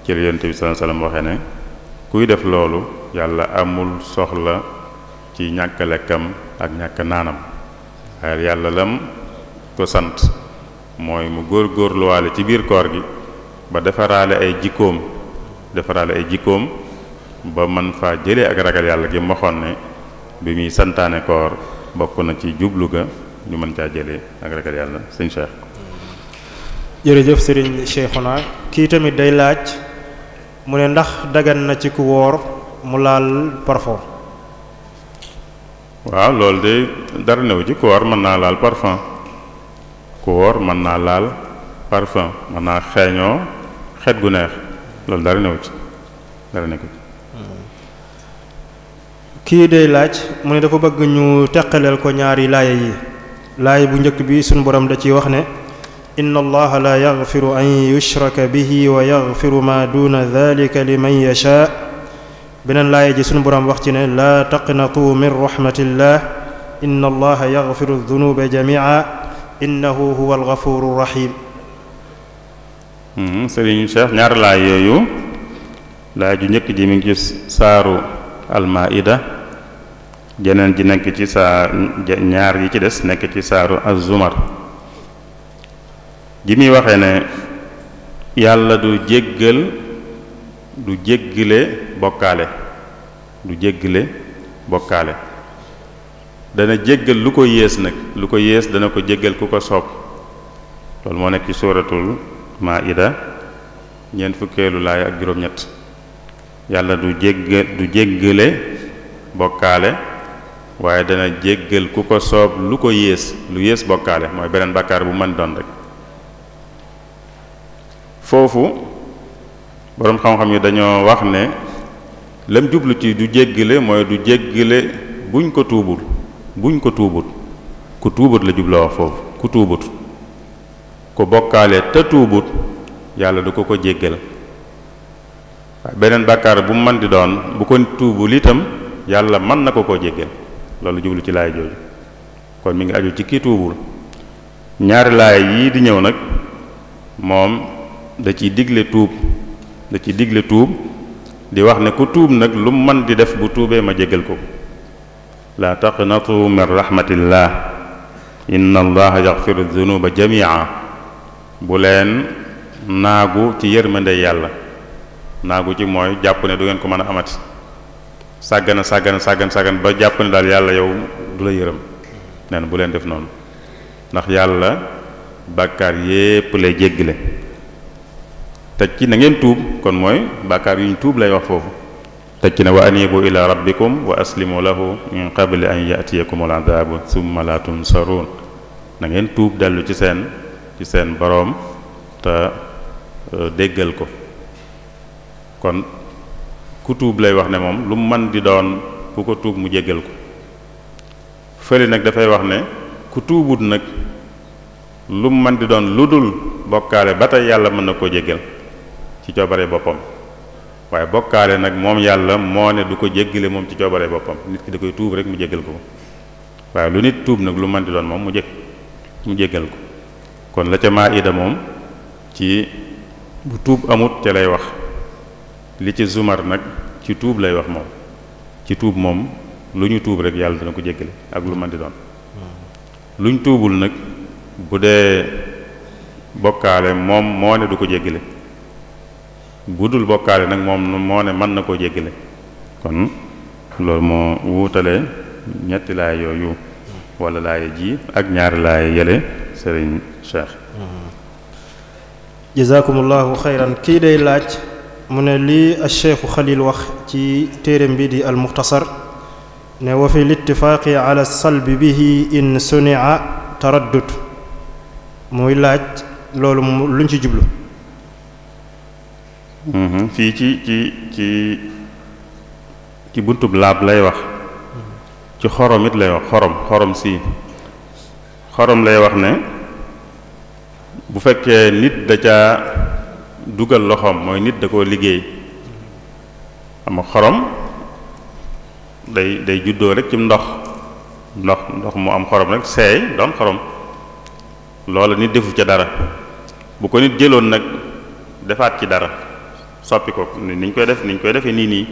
ci la yonent bi sallallahu waxe ne kuy def loolu yàlla amul soxla ci ñàkk lekkam ak ñàkk naanam waaye yàlla lam ko sant mooy mu góor góorluwaale ci biir koor gi ba defaraale ay jikkoom defaraale ay jikkoom ba man faa jëlee ak ragal yàlla gi mu bi muy santaane koor bokk na ci jublu ga ñu mën caa jëlee ak ragal yàlla sëñ Cheikh. jërëjëf sëriñ Cheikhuna kii tamit day laaj mu ne ndax dagan na ci ku woor mu laal parfum. waaw loolu de dara newu ci ku mën naa laal parfum ku mën naa laal parfum mën naa xeeñoo. xet gu neex lol dara newu ci dara neeku ki day laaj mu ne dafa bëgg ñu tekkalel ko ñaari laaya yi laaya bu ñëkk bi suñu borom da ci wax ne inna allaha la yaghfiru an yushraka bihi wa yaghfiru ma duna dhalika liman yasha beneen laaya ji suñu borom wax ci ne la taqnatu min rahmatillah inna allaha yaghfiru dhunuba jami'a innahu huwal ghafurur rahim Mhm, sëriñ Cheikh ñaar laay yooyu laay ju njëkk ji mu ngi saaru almaida jeneen ji nekk ci saa ñaar yi ci des nekk ci saaru azumar ji muy waxe ne yàlla du jéggal du jéggale bokkaale du jéggale bokkaale dana jéggal lu ko yées nag lu ko yées dana ko jéggal ku ko soob loolu moo nekk ci sóoratul maida ñeent fukkeelu laay ak juróom-ñett yàlla du jéggal du jéggale bokkaale waaye dana jéggal ku ko soob lu ko yées lu yées bokkaale mooy beneen bàkkaar bu mën doon rek foofu boroom xam-xam yi dañoo wax ne lam jublu ci du jéggale mooy du jéggale buñ ko tuubul buñ ko tuubut ku tuubut la jubloo wax foofu ku tuubut ku bokkaale te tuubut yàlla du ko ko jéggal waaye beneen bàkkaar bu mu mën di doon bu ko tuubul itam yàlla mën na ko ko jéggal loolu jublu ci laay jooju kon mi ngi aju ci kii tuubul ñaari laay yii di ñëw nag moom da ciy digle tuub da ciy digle tuub di wax ne ku tuub nag lu mën di def bu tuubee ma jéggal ko laa taqnatu min rahmatillah inna allaha yaxfiru dunuba jamia bu leen naagu ci yërmande yàlla naagu ci mooy jàpp ne du ngeen ko mën a amati sàggana sàggana sàggan sàggan ba jàpp ne daal yàlla yow du la yërëm neen bu leen def noonu ndax yàlla bàkkaar yépp lay jéggale teg ci na ngeen tuub kon mooy bàkkaar yu ñu tuub lay wax foofu teg ci ne wa anibu ila rabbikum wa aslimu lahu min qabli an yatiyakum al adabu summa la na ngeen tuub dellu ci seen ci seen boroom te euh, déggal ko kon ku tuub lay wax ne moom lu mu mën di doon ku ko tuub mu jéggal ko fële nag dafay wax ne ku tuubut nag lu mu mën di doon lu dul bokkaale ba tey yàlla mën na koo jéggal ci coobare boppam waaye bokkaale nag moom yàlla moo ne du ko jéggale moom ci coobare boppam nit ki da koy tuub rek mu jéggal ko waaye lu nit tuub nag lu mën di doon moom mu jég mu jéggal ko kon la ca maa maida moom ci bu tuub amut ca lay wax li ci zumar nag ci tuub lay wax moom ci tuub moom lu ñu tuub rek yàlla dina ko jéggale ak lu ma di doon lu ñu tuubul nag bu dee bokkaale moom moo ne du ko jéggale bu dul bokkaale nag moom moo ne mën na koo jéggale kon loolu moo wuutale ñetti laay yooyu walla laay ji ak ñaari laay yele sëriñ cheikh jazakumullahu xayran kii day laaj mu ne lii al cheikhu xalil wax ci téeram bi di al muxtasar ne wa fi littifaaqi ala salbi bihi in sunia taraddud muy laaj loolu luñ ci jublu fii ci ci ci ci buntub laab lay wax ci xorom it lay wax xorom xorom si xorom lay wax ne bu fekkee nit da ca dugal loxoom mooy nit da koo liggéey ama xorom day day juddoo rek ci ndox ndox ndox mu am xorom rek seey doon xorom loola nit defu ca dara bu ko nit jëloon nag defaat ci dara soppi ko ni niñ koy def niñ koy defee nii nii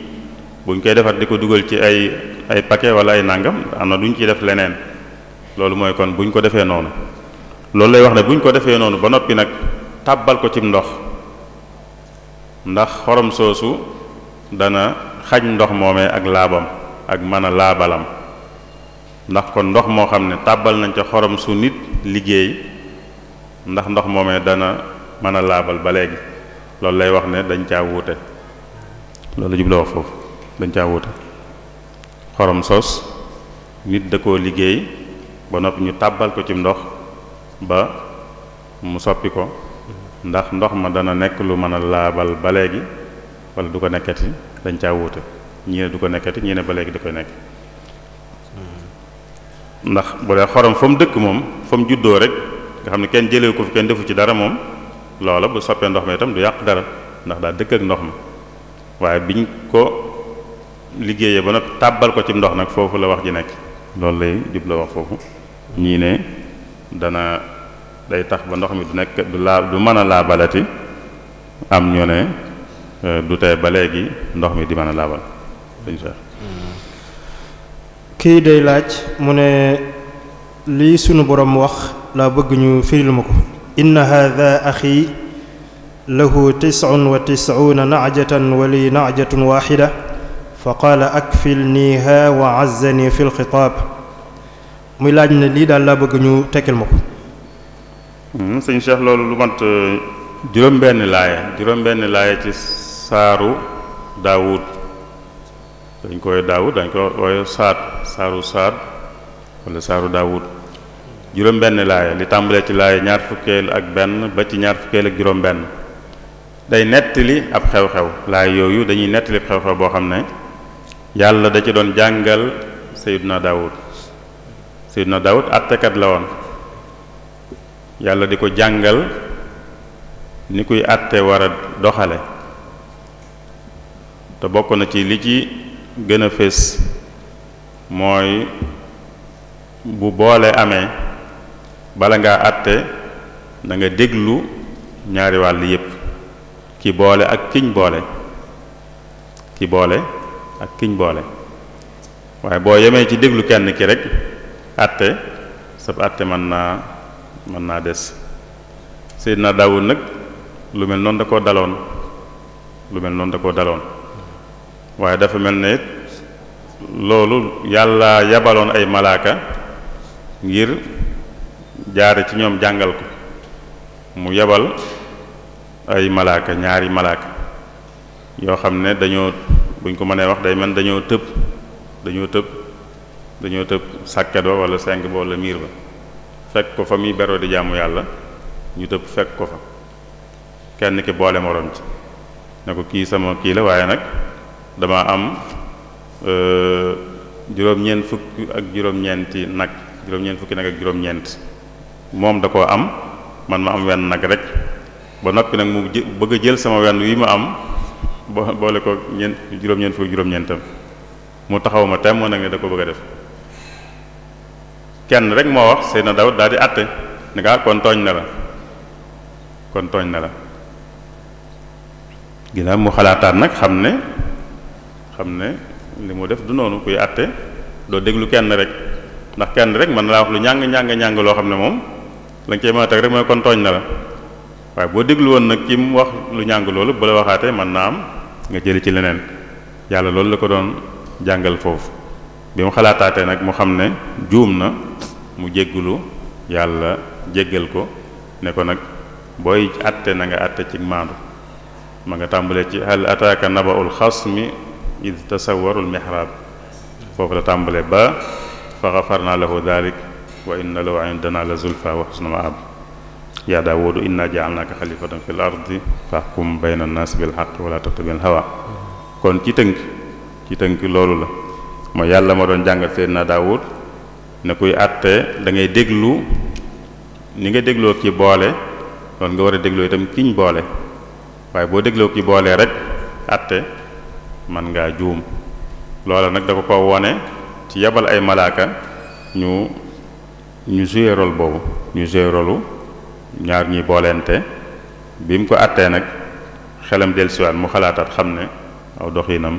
buñ koy defar di ko dugal ci ay ay paquet ay nàngam am na duñ ciy def leneen loolu mooy kon buñ ko defee noonu loolu lay wax ne bu ñu ko defee noonu ba noppi nag tàbbal ko ci ndox ndax xorom soosu dana xaj ndox moomee ak laabam ak mën a laabalam ndax kon ndox moo xam ne tàbbal nañ ca xorom su nit liggéey ndax ndox moomee dana mën a laabal ba léegi loolu lay wax ne dañ caa wuute loolu jub la wax foofu dañ caa wuute xorom soos nit da koo liggéey ba noppi ñu tàbbal ko ci ndox ba mu soppi ko ndax ndox ma dana nekk lu mën a laabal ba léegi wala du ko nekkati dañ caa wuute ñii ne du ko nekkati ñii ne ba léegi da koy nekk ndax bu dee xorom fa mu dëkk moom fa mu juddoo rek nga xam ne kenn jëlee ko fi kenn defu ci dara moom loola bu soppee ndox ma itam du yàq dara ndax daa dëkk ak ndox ma waaye biñ ko liggéeyee ba nag tàbbal ko ci ndox nag foofu la wax ji nekk loolu lay jub la wax foofu ñii ne dana day tax ba ndox mi du nek du la du mana la balati am ñone du tay ba legi ndox mi di mana a laabal dañu seex kii day laaj mu ne lii sunu borom wax la bëgg ñu firil mako inna hadha akhi lahu 99 na'jatan wa li na'jatun wahida fa qaala akfilniha wa 'azzani fi al muy laaj ne lii daal la bëgg ñu tekkil ma ko. Hmm, sëñ Cheikh loolu lu mat euh, juróom-benn laaya juróom-benn laaya ci saaru Daawud dañ koy Daawud dañ koy wooye saaru saar wala saaru Daawud juróom-benn laaya li tàmbalee ci laaya ñaar fukkeel ak benn ba ci ñaar fukkeel ak juróom-benn day nettali ab xew-xew laaya yooyu dañuy nettali ab xew-xew boo xam ne yàlla da ci doon jàngal Seydina Daawud. Seydina Daawud àttekat la woon yàlla di ko jàngal ni kuy àtte war doxale te bokk na ci li ci gën a fés mooy bu boole amee bala ngaa àtte na nga déglu ñaari wàll yépp ki boole ak kiñ boole ki boole ak kiñ boole waaye boo yemee ci déglu kenn ki rek atte sab atte mën naa mën naa des Seydina Daawud nag lu mel noonu da koo daloon lu mel noonu da koo daloon waaye dafa mel ne loolu yàlla yabaloon ay malaaka ngir jaare ci ñoom jàngal ko mu yebal ay malaaka ñaari malaaka yoo xam ne dañoo buñ ko mënee wax day mel dañoo tëb dañoo tëb dañu tepp sàkket ba wala seng ba wala mir ba fek ko fami bero di jamu yalla ñu tepp fek ko fa kenn ki boole morom ci nako ki sama ki la waye nak dama am euh, jurom ñen fukk ak jurom ñenti nak jurom ñen fukki nak ak jurom ñent mom da ko am man ma am wenn nak rek ba nopi nak mu bëgg jël sama wenn wi ma am boole ko ñen jurom ñen fukk jurom ñentam mu taxawuma ma temm ne da ko bëgg def kenn rek moo wax Seydina daw daal di àtte ni nga ah, kon tooñ na la kon tooñ na la ginnaaw mu xalaataat nag xam ne xam ne li mu def du noonu kuy àtte doo déglu kenn rek ndax kenn rek mën laa wax lu ñàng ñàng ñàng loo xam ne moom la nga cee mën a teg rek mooy kon tooñ na la waaye boo déglu woon nag ki mu wax lu ñàng loolu bu la waxaatee mën naa am nga jëli ci leneen yàlla loolu la ko doon jàngal foofu bi mu xalaataatee nag mu xam ne juum na mu jéggulu yàlla jéggal ko ne ko nak boy àtte na nga àtte ci mandu ma nga tambalé ci hal ataka nabaul iz tasawwaru al mihrab fofu la tambalé ba fa ghafarna lahu dhalik wa inna lahu indana la zulfa wa husna ma'ab ya daawudu inna ja'alnaka khalifatan fil ardi fahkum bayna an-nas bil haqq wa la tattabi'il hawa kon ci teunk ci teunk lolu la mo yàlla mo don jàngal sayyidina dawud ne kuy àtte da déglu ni nga dégloo ki boole loolu nga war a dégloo itam kiñ boole waaye boo dégloo ki boole rek àtte man ngaa juum loola nag da ko ko wone ci yebal ay malaaka ñu ñu joué rôle boobu ñu joué rolu ñaar ñuy boolente bi mu ko àttee nag xelam dellusiwaat mu xalaataat xam ne aw doxinam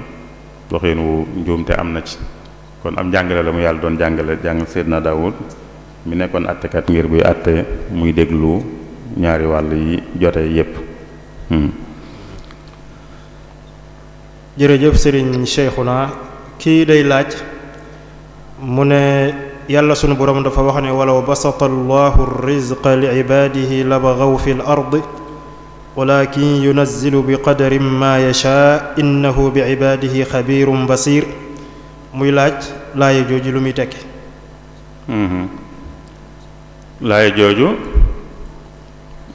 doxin wu njuumte am na ci kon am jàngale la mu yàlla don jàngale jang Seydina daoud mi nekkoon attekat ngir buy atte muy déglu ñaari wàll yi jote yépp jeuf serigne Cheikhuna ki day laaj mune yàlla sunu borom dafa wax wala basata allahu rizqa li ibaadihi la fi l ard walakin yunazzilu bi qadarin ma yashaa innahu bi ibaadihi xabiirun muy laaj laaya jooju lu muy tekki mhm. laaya jooju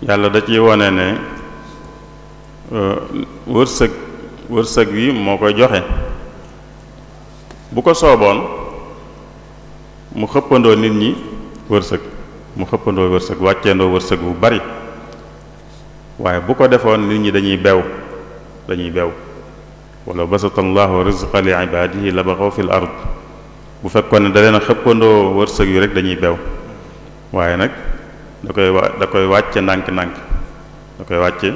yàlla da ciy wone ne euh, wërsëg wërsëg wi moo koy joxe bu ko sooboon mu xëppandoo nit ñi wërsëg mu xëppandoo wërsëg wàcceendoo wërsëg wu bari waaye bu ko defoon nit ñi dañuy beew dañuy bew wala basata allahu rizqa li ibadihi la baxaw ard bu fekkone da leena a xëppandoo yu rek dañuy bew waye nak da koy wa da koy wacce nank nank da koy wacce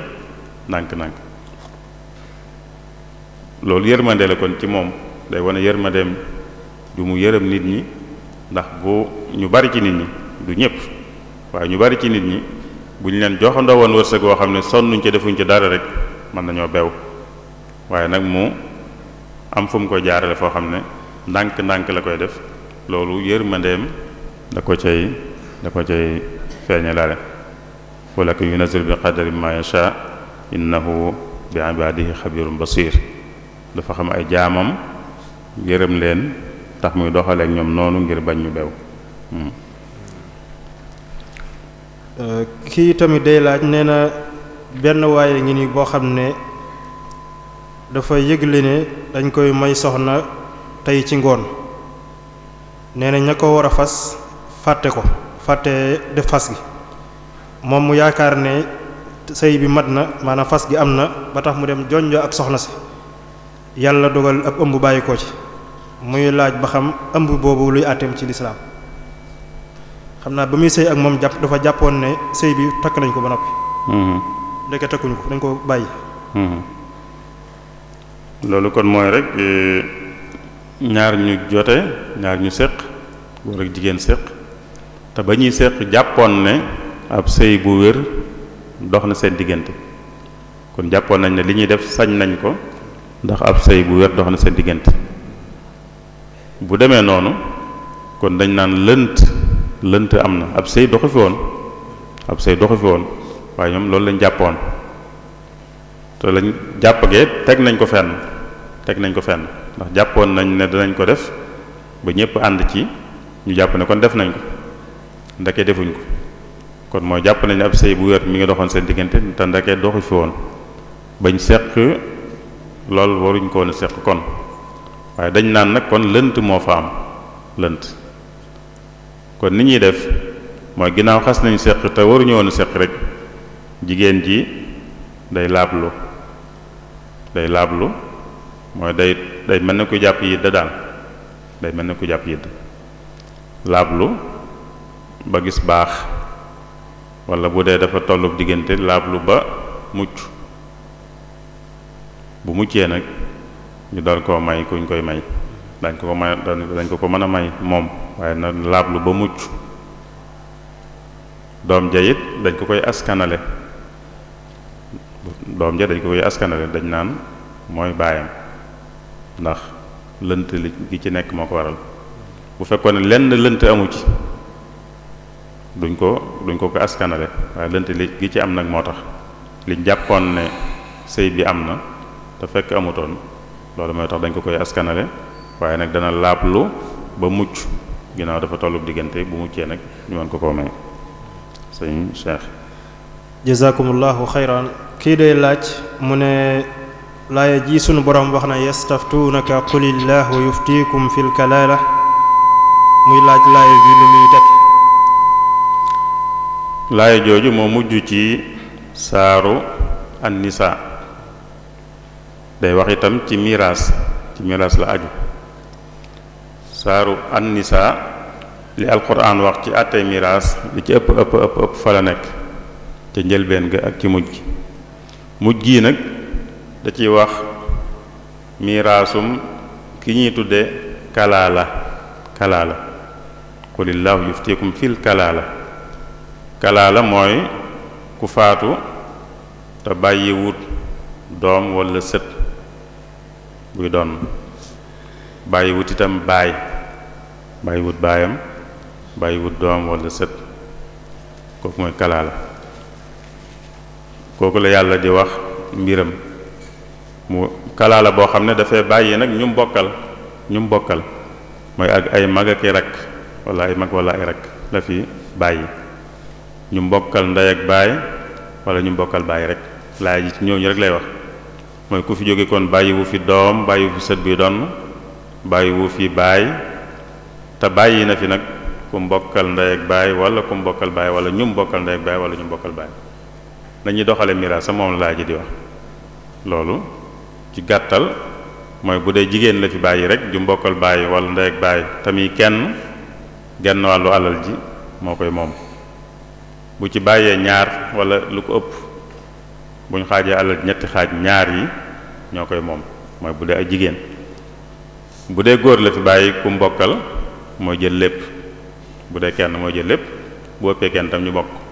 nank nank loolu yërmande la kon ci mom day wone yermadem du mu yërëm nit ñi ndax bu ñu bari ci nit ñi du ñëpp waaye ñu bari ci nit ñi bu ñu leen joxandoo woon wërsëg sonnuñ ca defuñ ca dara rek mën nañoo bew waaye nag mu am fu mu koy jaarale foo xam ne ndànk-ndànk la koy def loolu yërmandeem da ko cay da ko cay feeñalaale wa lak yunazil bi qadari ma yasha innahu bi ibadihi xabirun basir dafa xam ay jaamam yërëm leen tax muy doxaleek ñoom noonu ngir bañ ñu bew hmm. kii tamit day laaj nee na benn waaye ngi ni boo xam ne dafa yëgle ne dañ koy may soxna tey ci ngoon nee na ña ko war a fas fàtte ko fàtte def fas gi moom mu yaakaar ne sëy bi mat na maanaam fas gi am na ba tax mu dem jonjoo ak soxna si yàlla dogal ab ëmb bàyyikoo ci muy laaj ba xam ëmb boobu luy àtteem ci lislaam xam naa ba muy sëy ak moom jàpp dafa jàppoon ne sëy bi takk nañ ko ba noppi mm-hmm. ndeke takkuñu ko dañ ko bàyyi mm-hmm. loolu kon mooy rek e, ñaar ñu jote ñaar ñu séq góor ak jigéen séq te ba ñuy séq jàppoon ne ab sëy bu wér dox na seen diggante kon jàppoon nañ ne li ñuy def sañ nañ ko ndax ab sëy bu wér dox na seen diggante bu demee noonu kon dañ naan lënt lënt am na ab sëy doxu fi woon ab sëy doxu fi woon waaye ñoom loolu lañ jàppoon te lañ jàpp teg nañ ko fenn teg nañ ko fenn ndax jàppoon nañ ne danañ ko def ba ñëpp ànd ci ñu jàpp ne kon def nañ ko ndeke defuñ ko kon mooy jàpp nañu ab sëy bu wér mi ngi doxoon seen diggante te ndeke doxu fi woon bañ seq loolu waruñ ko woon seq kon waaye dañ naan nag kon lënt moo fa am lënt kon ni ñuy def mooy ginnaaw xas nañ seq te waruñu woon seq rek jigéen ji day laablu day laablu mooy day day mel ne ku jàpp yidd daal day mel ne ku jàpp yidd laablu ba gis baax walla bu dee dafa tollu diggante laablu ba mucc bu muccee nag ñu dal koo may kuñ koy may dañ ko ko may ko ko mën a may moom waaye na laablu ba mucc doom jayit dañ ko koy askanale doom ja dañ ko koy askanale dañ naan mooy baayam ndax lënt li gi ci nekk moo ko waral bu fekkoon ne lenn lënt amu ci duñ ko duñ ko ko askanale waaye lënt li gi ci am nag moo tax liñ jàppoon ne sëy bi am na te fekk amutoon loolu mooy tax dañ ko koy askanale waaye nag dana laablu ba mucc ginnaaw dafa tollu diggante bu muccee nag ñu mën ko koo may sëñ Cheikh jazakumullahu xayran kii day laaj mu ne laaya ji sunu boroom wax na yastaftuunaka qulillahu yuftikum fil kalaala muy laaj laaya bi lu muy teg laaya jooju moo mujj ci saaru an day wax itam ci miraas ci miraas la aju saaru an-nisaa li alquran wax ci àttee miraas li ci ëpp ëpp ëpp ëpp nekk ca njëlbeen ga ak ci mujj mujj gii nag da ciy wax miraasum ki ñuy tudde kalaala kalaala qulillaahu yuftikum fil kalaala kalaala mooy ku faatu te bàyyiwut doom walla sët buy doon bàyyiwut itam baay bàyyiwut baayam bàyyiwut doom walla sët kooku mooy kalaala kooku la yàlla di wax mbiram mu kalaa boo xam ne dafay bàyyi nag ñu bokkal ñu bokkal mooy ak ay mag ak i rakk wala ay mag wala ay rakk la fi bàyyi ñu mbokkal ndey ak baay wala ñu mbokkal baay rek laay ci ñooñu rek lay wax mooy ku fi jóge kon bàyyi wu fi doom bàyyi sët bi donn bàyyi wu fi te bàyyi na fi nag ku mbokkal ndey ak wala ku mbokkal baay wala ñu mbokkal ndey ak baay wala ñu mbokkal baay dañuy doxale miraas sa moom laa ji di wax loolu ci gàttal mooy bu dee jigéen la fi bàyyi rek ju mbokkal bàyyi wala ndey ak bàyyi tamit kenn genn wàllu alal ji moo koy moom bu ci bàyyee ñaar wala lu ko ëpp buñ xaajee alal ñetti xaaj ñaar yi ñoo koy moom mooy bu dee ay jigéen bu dee góor la fi bàyyi ku mbokkal mooy jël lépp bu dee kenn mooy jël lépp bu ëppee kenn tam ñu bokk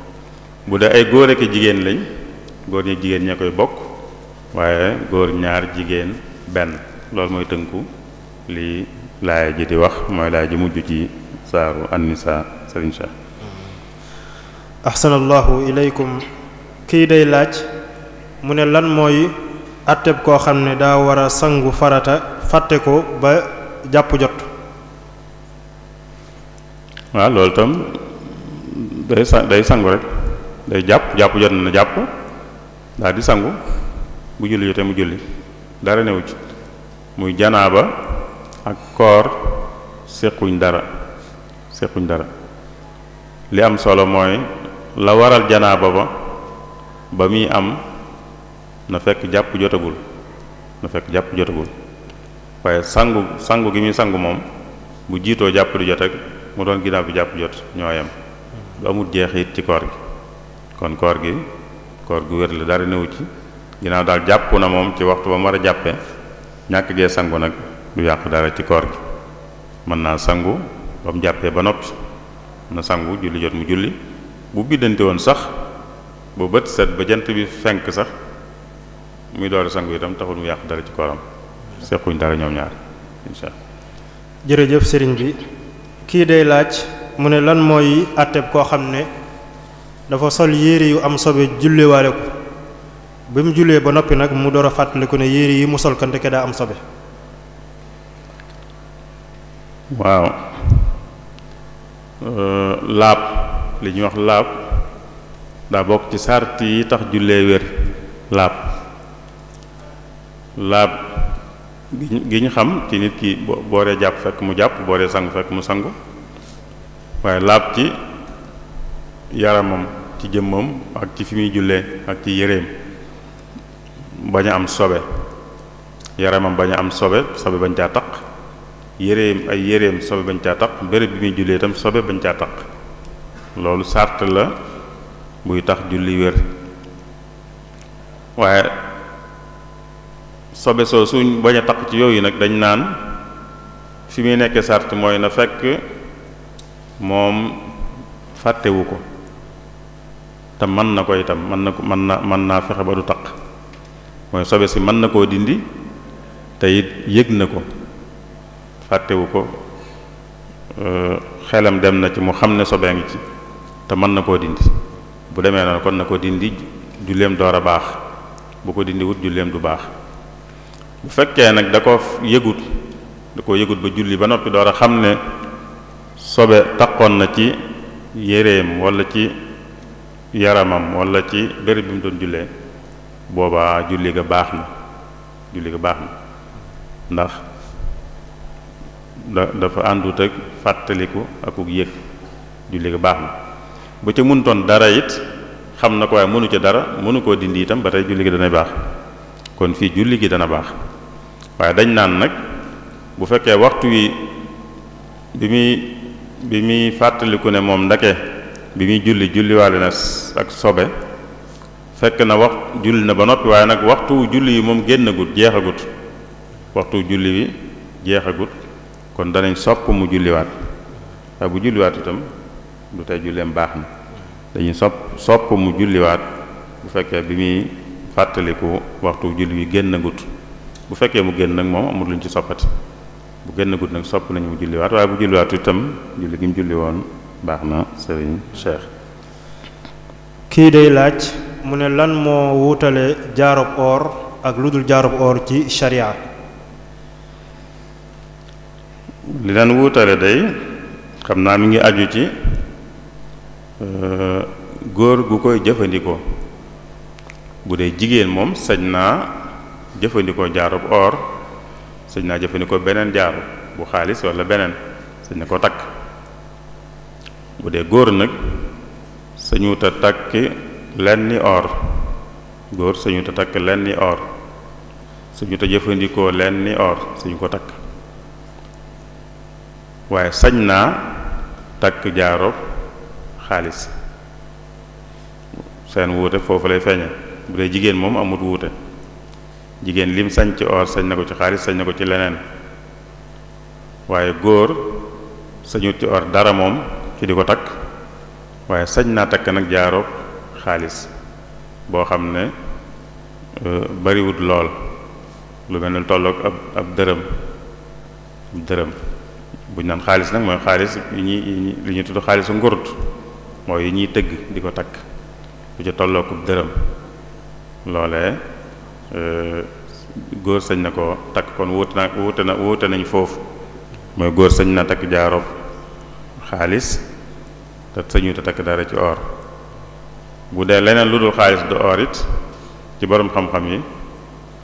bu dee ay góor ak jigéen lañ góor ñi jigéen ña koy bokk waaye góor ñaar jigéen benn loolu mooy tënku li laaya ji di wax mooy laaya ji mujj ci saaru annisa sëriñ Cheikh ahsanallahu ilaykum kii day laaj mu ne lan mooy atteb koo xam ne daa war a sangu farata fàtte ko ba jàpp jot waaw loolu tam day sangu rek day jàpp jàpp jot na jàpp daal di sangu bu julli jotee mu julli dara newu ci muy janaaba ak koor séquñ dara séquñ dara li am solo mooy la waral janaaba ba ba muy am na fekk jàpp jotagul na fekk jàpp jotagul waaye sangu sangu gi muy sangu moom bu jiitoo jàpp di jot rek mu doon ginaaw bi jàpp jot ñoo yem lu amul jeexit ci koor gi kon koor gi koor gu wér la dara newu ci ginnaaw daal jàpp na moom ci waxtu ba mu war a jàppee ñàkk gee sangu nag lu yàq dara ci koor gi mën naa sangu ba mu jàppee ba noppi na sangu julli jot mu julli bu biddante woon sax ba bët set ba jant bi fenk sax muy doori sangu itam taxul mu yàq dara ci kooram sequñ dara ñoom ñaar insha allah jërëjëf sëriñ bi kii day laaj mu ne lan mooy àtteeb koo xam ne dafa sol yére yu am sobe jullewaale ko bi mu jullee ba noppi nag mu door a fàttaliku ne yére yi mu sol kante ke daa am sobe waaw euh, laab li ñuy wax laab daa bokk ci sart yi tax jullee wér laab laab gi ñu xam ci nit ki booree jàpp fekk mu jàpp booree sangu fekk mu sangu waaye laab ci yaramam ci jëmmam ak ci fimuy jullé ak ci yéréem baña am sobe yaramam baña am sobe sobe bañ caa taq yéréem ay yéréem sobe bañ caa taq béréb bi muy jullé tam sobe bañ caa taq loolu sart la buy tax julli wër waye sobe so suñ baña tak ci yooyu nak dañ naan fimuy muy sart moy na fekk mom fatte wuko te mën na ko itam mën na ko mën na mën naa fexe ba du taq mooy sobe si mën na koo dindi te yëg na ko fàttewu ko euh, xelam dem na ci mu xam ne sobee ngi ci te mën na koo dindi bu demee na kon na ko dindi julleem door a baax bu ko dindi wut julleem du baax bu fekkee nag da ko yëgut da ko yëgut ba julli ba noppi door a xam ne sobe takkoon na ci yéreem walla ci yaramam wala ci béréb bi mu doon jullee boobaa julli ga baax na julli ga baax na ndax da dafa àndut ak fàttaliku akuk yëg julli ga baax na bu ca mënutoon dara it xam na ko waaye mënu ca dara mënu koo dindi itam ba tey julli gi danay baax kon fii julli gi dana baax waaye dañ naan nag bu fekkee waxtu wi bi muy bi muy fàttaliku ne moom ndake bi muy julli julliwaale na ak sobe fekk na wax julli na ba noppi waaye nag waxtu julli yi moom génn génnagut jeexagut waxtu julli bi jeexagut kon danañ sopp mu julliwaat bu julliwaat itam du tey baax na dañuy sopp sopp mu julliwaat bu fekkee bi muy fàttaliku waxtu julli bi génnagut bu fekkee mu génn nag moom amul luñ ci soppati bu génnagut nag sopp nañu mu julliwaat waaye bu julliwaat itam julli gi mu julli woon baax na sëriñ Cheikh kii day laaj mu ne lan moo wutale jaarub or ak lu dul jaarub or ci sharia li leen wuutale day xam naa mi ngi aju ci euh, góor gu koy jëfandikoo bu dee jigéen moom sañ naa jëfandikoo jaarub or sañ naa jëfandikoo beneen jaaro bu xaalis walla beneen sañ na ko takk bu dee góor nag sañu wuta takk lenni or góor sañu ta takk lenni or suñu ta jëfandikoo lenni or suñu ko takk waaye sañ naa takk jaaro xaalis seen wuute foofu lay feeñe bu dee jigéen moom amut wuute jigéen lim sañ ci or sañ na ko ci xaalis sañ na ko ci leneen waaye góor sañut ci or dara moom ci di ko takk waaye sañ naa takk nag jaaroob xaalis boo xam ne euh, bariwut lool lu mel ne tolloog ab dërëm dërëm bu ñu naan xaalis nag mooy xaalis yi ñuy li ñuy tudd xaalisu ngurut mooy yi ñuy tëgg di ko takk bu ci tolloog ab dërëm loolee euh, góor sañ na ko takk kon wuute na wuute na wuute nañ foofu mooy góor sañ naa takk jaaroob xaalis te sañu te takk dara ci or bu dee leneen lu dul xaalis du or it ci boroom xam-xam yi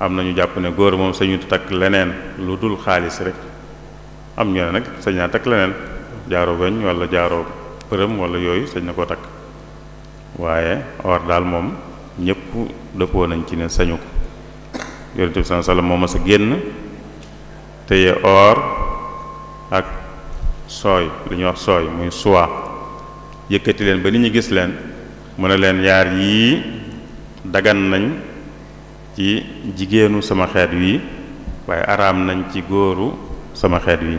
am nañu jàpp ne góor moom sañu te takk leneen lu dul xaalis rek am ñu ne nag sañ naa takk leneen jaaro weñ walla jaaro përëm wala yooyu sëñ na koo takk waaye or daal moom ñëpp dëppoo nañ ci ne sañu ko yonent bi sallallahu alayhi wasallam moo génn téye or ak sooy lu ñuy wax sooy muy suwa yëkkati leen ba nit ñu gis leen mu ne leen yaar yii dagan nañ ci jigéenu sama xeet wi waaye araam nañ ci góoru sama xeet wi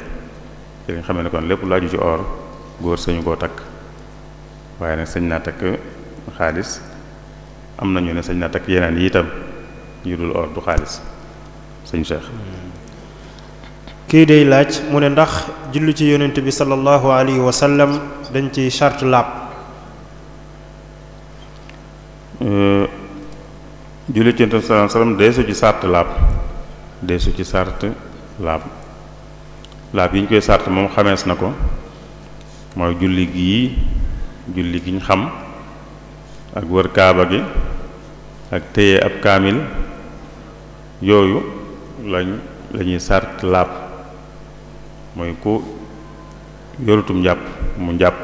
ci lañ xamee ne lépp lu aju ci or góor sañu koo takk waaye nag sañ naa takk xaalis am nañu ne sañ naa takk yeneen yi itam yu dul or du xaalis sëñ Cheikh hmm. kii day laaj mu ne ndax julli ci yonent bi sallallahu alayhi wa sallam dañ ci charte laab euh, julli ci yonent bi sallallahu alayhi wa sallam deesu ci sart laab deesu ci sart laab laab yi ñu koy sart moom xamees na ko mooy julli gii julli gi ñu xam ak wër kaaba gi ak téye ab kaamil yooyu lañ lañuy sart laab muy ku yorutum njàpp mu njàpp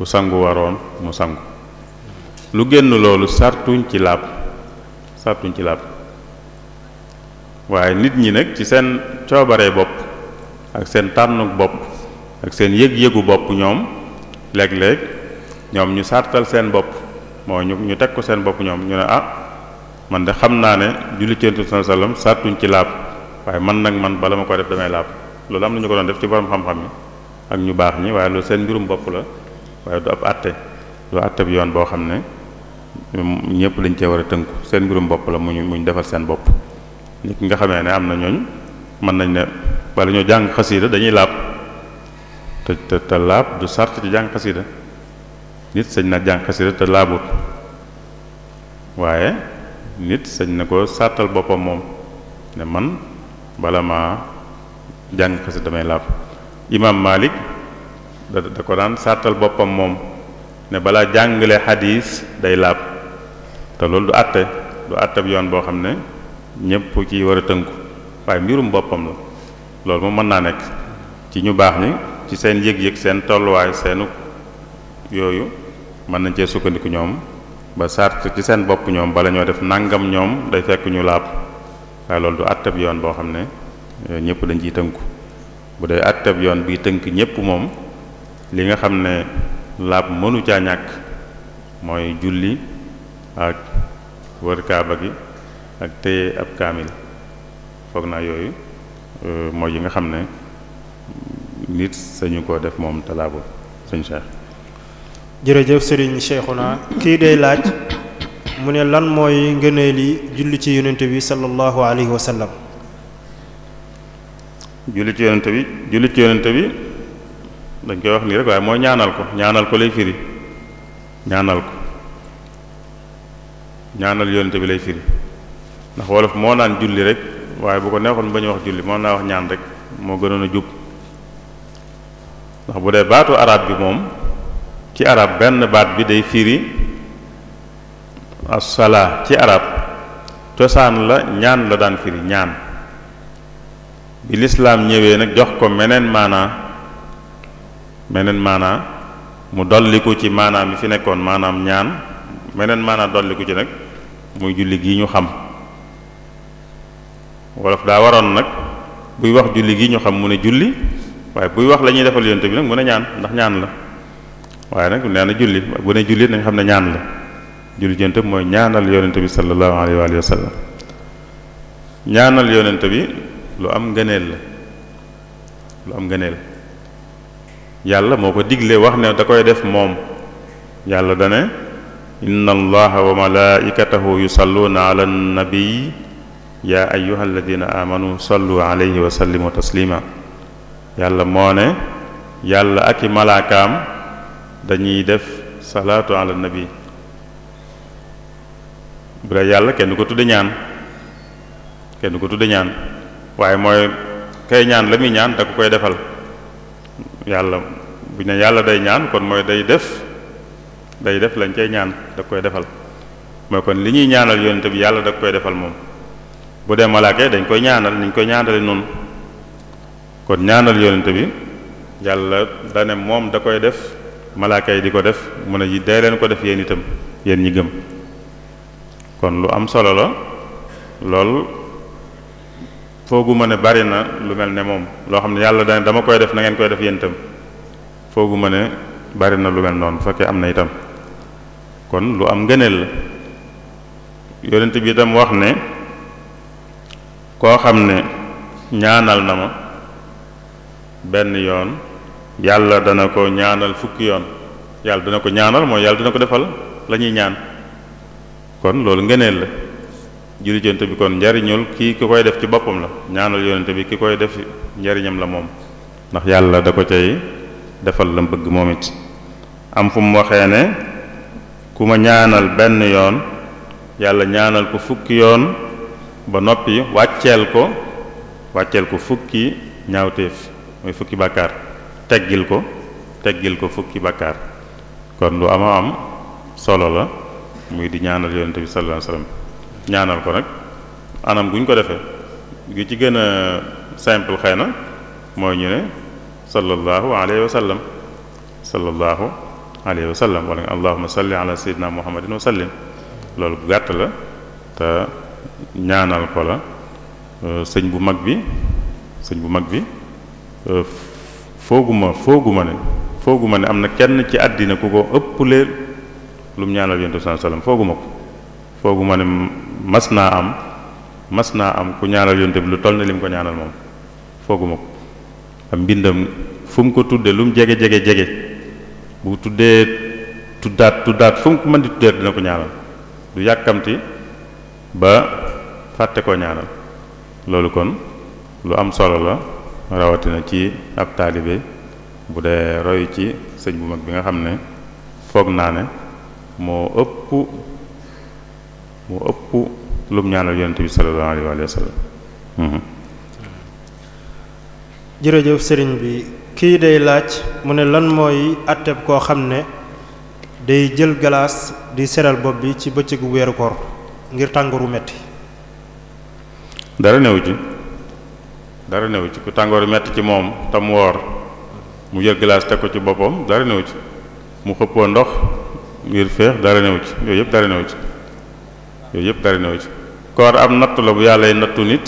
ku sangu waroon mu sangu lu génn loolu sartuñ ci làpp sartuñ ci laab waaye nit ñi nag ci seen coobaree bopp ak seen tànn bopp ak seen yëg-yëgu bopp ñoom léeg-léeg ñoom ñu sartal seen bopp moo ñu ñu teg ko seen bopp ñoom ñu ne ah man de xam naa ne julli ci Yonent bi sallallahu ci laab waaye man nag man bala ma ko def damay laab loolu am na ñu ko doon def ci borom xam-xam yi ak ñu baax ñi waaye loolu seen mbirum bopp la waaye du ab àtte du àtte bi yoon boo xam ne ñëpp dañ cee war a tënku seen mbirum bopp la mu ñu mu defal seen bopp. nit nga xamee ne am na ñooñ mën nañ ne wala ñoo jàng xasiida dañuy laab te du sart ci jàng xasiida nit sañ na jàng xasiida te laabut waaye nit sañ na ko sartal boppam moom ne man bala ma jàng xasida damay laab imaam Malik da da ko daan sàttal boppam moom ne balaa jàngale xadiis day laab te loolu du àtte du àtte bi yoon boo xam ne ñépp ci war a tënku waaye mbirum boppam la loolu moom mën naa nekk ci ñu baax ni ci seen yëg-yëg seen tolluwaay seenu yooyu mën nañ cee sukkandiku ñoom ba sart ci seen bopp ñoom bala ñoo def nangam ñoom day fekk ñu laab waaye loolu du àtte bi yoon boo xam ne yooyu euh, ñëpp dañ ciy tënku bu dee atteb yoon bi tënk ñëpp moom li nga xam ne laab mënu caa ñàkk mooy julli ak wër kaaba gi ak téye ab kaamil foog naa yooyu euh, mooy yi nga xam ne nit sañu koo def moom te laabul sëñ Cheikh jërëjëf sëriñ Cheikhuna kii day laaj mu ne lan mooy ngëneeli julli ci yonente bi sallallahu alayhi wa sallam julli ci yonente bi julli ci bi dañ koy wax nii rek waaye mooy ñaanal ko ñaanal ko lay firi ñaanal ko ñaanal yonente bi lay firi ndax wolof moo naan julli rek waaye bu ko neexoon ba ñu wax julli moo naa wax ñaan rek moo gënoon a jub ndax bu dee baatu araab bi moom ci arab benn baat bi day firi assalaa ci arab cosaan la ñaan la daan firi ñaan bi lislaam ñëwee nag jox ko meneen maanaa meneen maanaa mu dolliku ci maanaam mi fi nekkoon maanaam ñaan meneen maanaa dolliku ci nag muy julli gi ñu xam wolof daa waroon nag buy wax julli gi ñu xam mu ne julli waaye buy wax la ñuy defal yonte bi nag mu ne ñaan ndax ñaan la waaye nag nee na julli bu ne julli nañ xam ne ñaan la julli yonte bi mooy ñaanal yonente bi sallallahu alayhi wa sallam ñaanal yonente bi lu am ngëneel la lu am ngëneel yàlla moo ko digle wax ne da koy def moom yàlla dane inna allaha wa malaikatahu yusalluuna ala nabiy yaa ayuha alladina amanu sallu alayhi wa sallimu taslima yàlla moo ne yàlla ak i malaakaam dañuy def salaatu ala nabi bu dee yàlla kenn du ko tudde ñaan kenn ko tudde ñaan waaye mooy kay ñaan la muy ñaan da ko koy defal yàlla bu ne yàlla day ñaan kon mooy day def day def lañ cay ñaan da koy defal mooy kon li ñuy ñaanal yonent bi yàlla da koy defal moom bu dee malaaka dañ koy ñaanal niñ koy ñaanale noonu kon ñaanal yonent bi yàlla da moom da koy def malaaka yi di ko def mu ne yi dee leen ko def yéen itam yéen ñi gëm kon lu am solo la lool fooguma ne bari na lu mel ne moom loo xam ne yàlla daan dama koy def na koy def yéen itam fooguma ne bari na lu mel noonu bu fekkee am na itam kon lu am ngëneel la yonent bi itam wax ne koo xam ne ñaanal na ma benn yoon yàlla dana ko ñaanal fukki yoon yàlla dana ko ñaanal mooy yàlla dana ko defal la ñuy ñaan kon loolu ngëneel la julli ci bi kon njariñul kii ki koy def ci boppam la ñaanal yonent bi ki koy def njariñam la moom ndax yàlla da ko cay defal la bëgg moom it am fu mu waxee ne ku ma ñaanal benn yoon yàlla ñaanal ko fukki yoon ba noppi wàcceel ko wàcceel ko fukki ñaawteef mooy fukki bàkkaar teggil ko teggil ko fukki bàkkaar kon lu ama am solo la muy di ñaanal yonent bi sallallahu alayhi ñaanal ko nag anam guñ ko defee gi ci gën a simple xëy na mooy ñu ne sallallahu alayhi wa sallam sallallahu alayhi wa sallam wala nga allahuma salli ala sayyidina muhammadin wa sallim loolu bu gàtt la te ñaanal ko la euh, sëñ bu mag bi sëñ bu mag bi euh, fooguma fooguma ne fooguma ne am na kenn ci àddina ku ko ëpp léer lu mu ñaanal yonent sallallahu alayhi wa sallam fooguma ko fooguma ne mas naa am mas naa am ku ñaanal yonte bi lu toll ne lim ko ñaanal moom fooguma ko am mbindam fu mu ko tuddee lu mu jege jege jege bu tuddee tuddaat tuddaat fu mu ko mën di tuddee dina ko ñaanal du yàkkamti ba fàtte koo ñaanal loolu kon lu am solo la rawatina ci ab taalibe bu dee roy ci sëñ bu mag bi nga xam ne foog naa ne moo ëpp moo ëpp lu ñaanal yonent bi sallallahu alayhi wa sallam mhm. jërëjëf sëriñ bi kii day laaj mu ne lan mooy àtteeb koo xam ne day jël galaas di seral bopp bi ci bëccëgu weeru koor ngir tàngooru metti dara newu ci dara newu ci ku tàngooru metti ci moom tam woor mu jël galaas teg ko ci boppam dara newu ci mu xëppoo ndox ngir feex dara newu ci yooyu yëpp dara newu ci yooyu yëpp dara newu ci koor am natt la bu yàlla nattu nit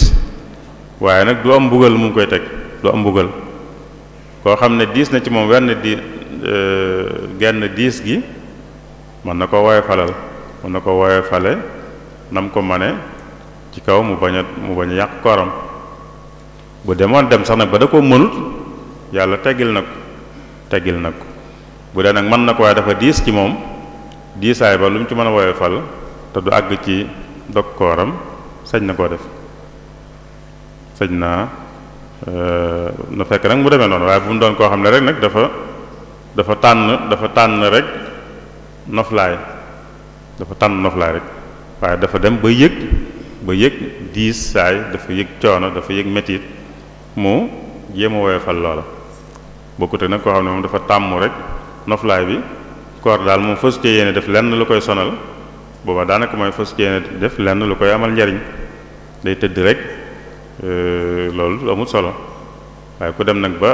waaye nag du am mbugal mu ngi koy teg du am mbugal koo xam ne diis na ci moom wenn di e, genn diis gi mën na ko woye falal mën na ko woye fale nam ko mane ci kaw mu bañ a mu bañ a yàq kooram bu demoon dem sax nag ba da ko mënut yàlla teggil nag ko teggil na ko bu dee nag mën na ko waaye dafa diis ci moom diisaay ba lu mu ci mën a woye fal te du àgg ci dog kooram sañ na koo def sañ naa euh, na fekk nag mu demee noonu waaye bu mu doon koo xam ne rek nag dafa dafa tànn dafa tànn rek noflaay dafa tànn noflaay rek dafa dem ba yëg ba yëg diis saay dafa yëg coono dafa yëg metit mu jéem a woyofal loola bokkute nag koo xam ne moom dafa tàmm rek noflaay bi koor daal moom fas ci yéene def lenn lu koy sonal booba daanaka mooy fas yéene def lenn lu koy amal njariñ day tëdd rek euh, loolu amul solo waaye ku dem nag ba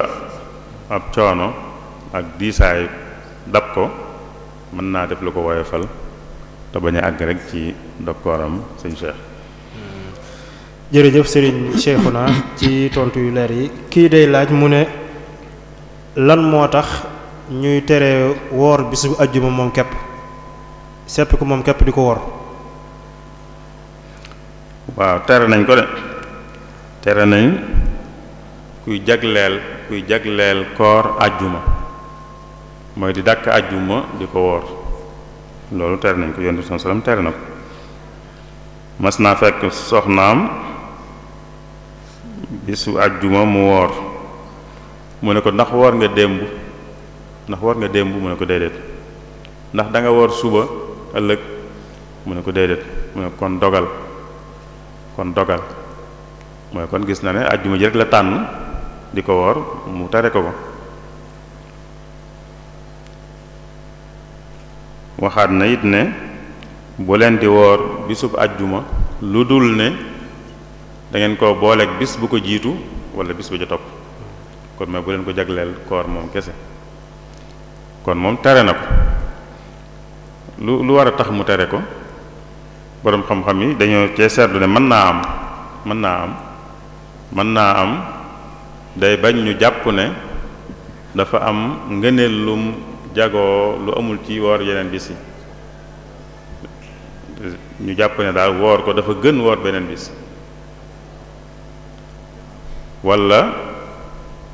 ab coono ak diisaay dab ko mën naa def lu ko woyofal te bañ àgg rek ci dokkooram sëñ Cheikh jërëjëf Serigne Cheikhouna ci tontu yu leer yi kii day laaj mu ne lan moo tax ñuy tere woor bisu ajjuma moom képp seppi ko moom képp di ko wor waaw tere nañ ko de tere nañ kuy jagleel kuy jagleel koor ajjuma mooy di dàkk ajjuma di ko woor loolu tere nañ ko yonent bi sallam tere na ko mas naa fekk soxnaam bisu ajjuma mu woor mu ne ko ndax woor nga démb ndax woor nga démb mu ne ko déedéet ndax danga nga woor suba ëllëg mu ne ko déedéet mu ne kon dogal kon dogal mooy kon gis na ne ajjuma ji rek la tànn di ko woor mu tare ko ko waxaat na it ne bu leen di woor bisub ajjuma lu dul ne dangeen ngeen ko booleeg bis bu ko jiitu wala bis bu ja kon mooy bu leen ko jagleel koor moom kese kon moom tare na ko lu lu war a tax mu tere ko boroom xam-xam yi dañoo cee seetlu ne mën naa am mën naa am mën naa am day bañ ñu jàpp ne dafa am ngëneel lum jagoo lu amul ci woor yeneen bis yi ñu jàpp ne daal woor ko dafa gën woor beneen bis walla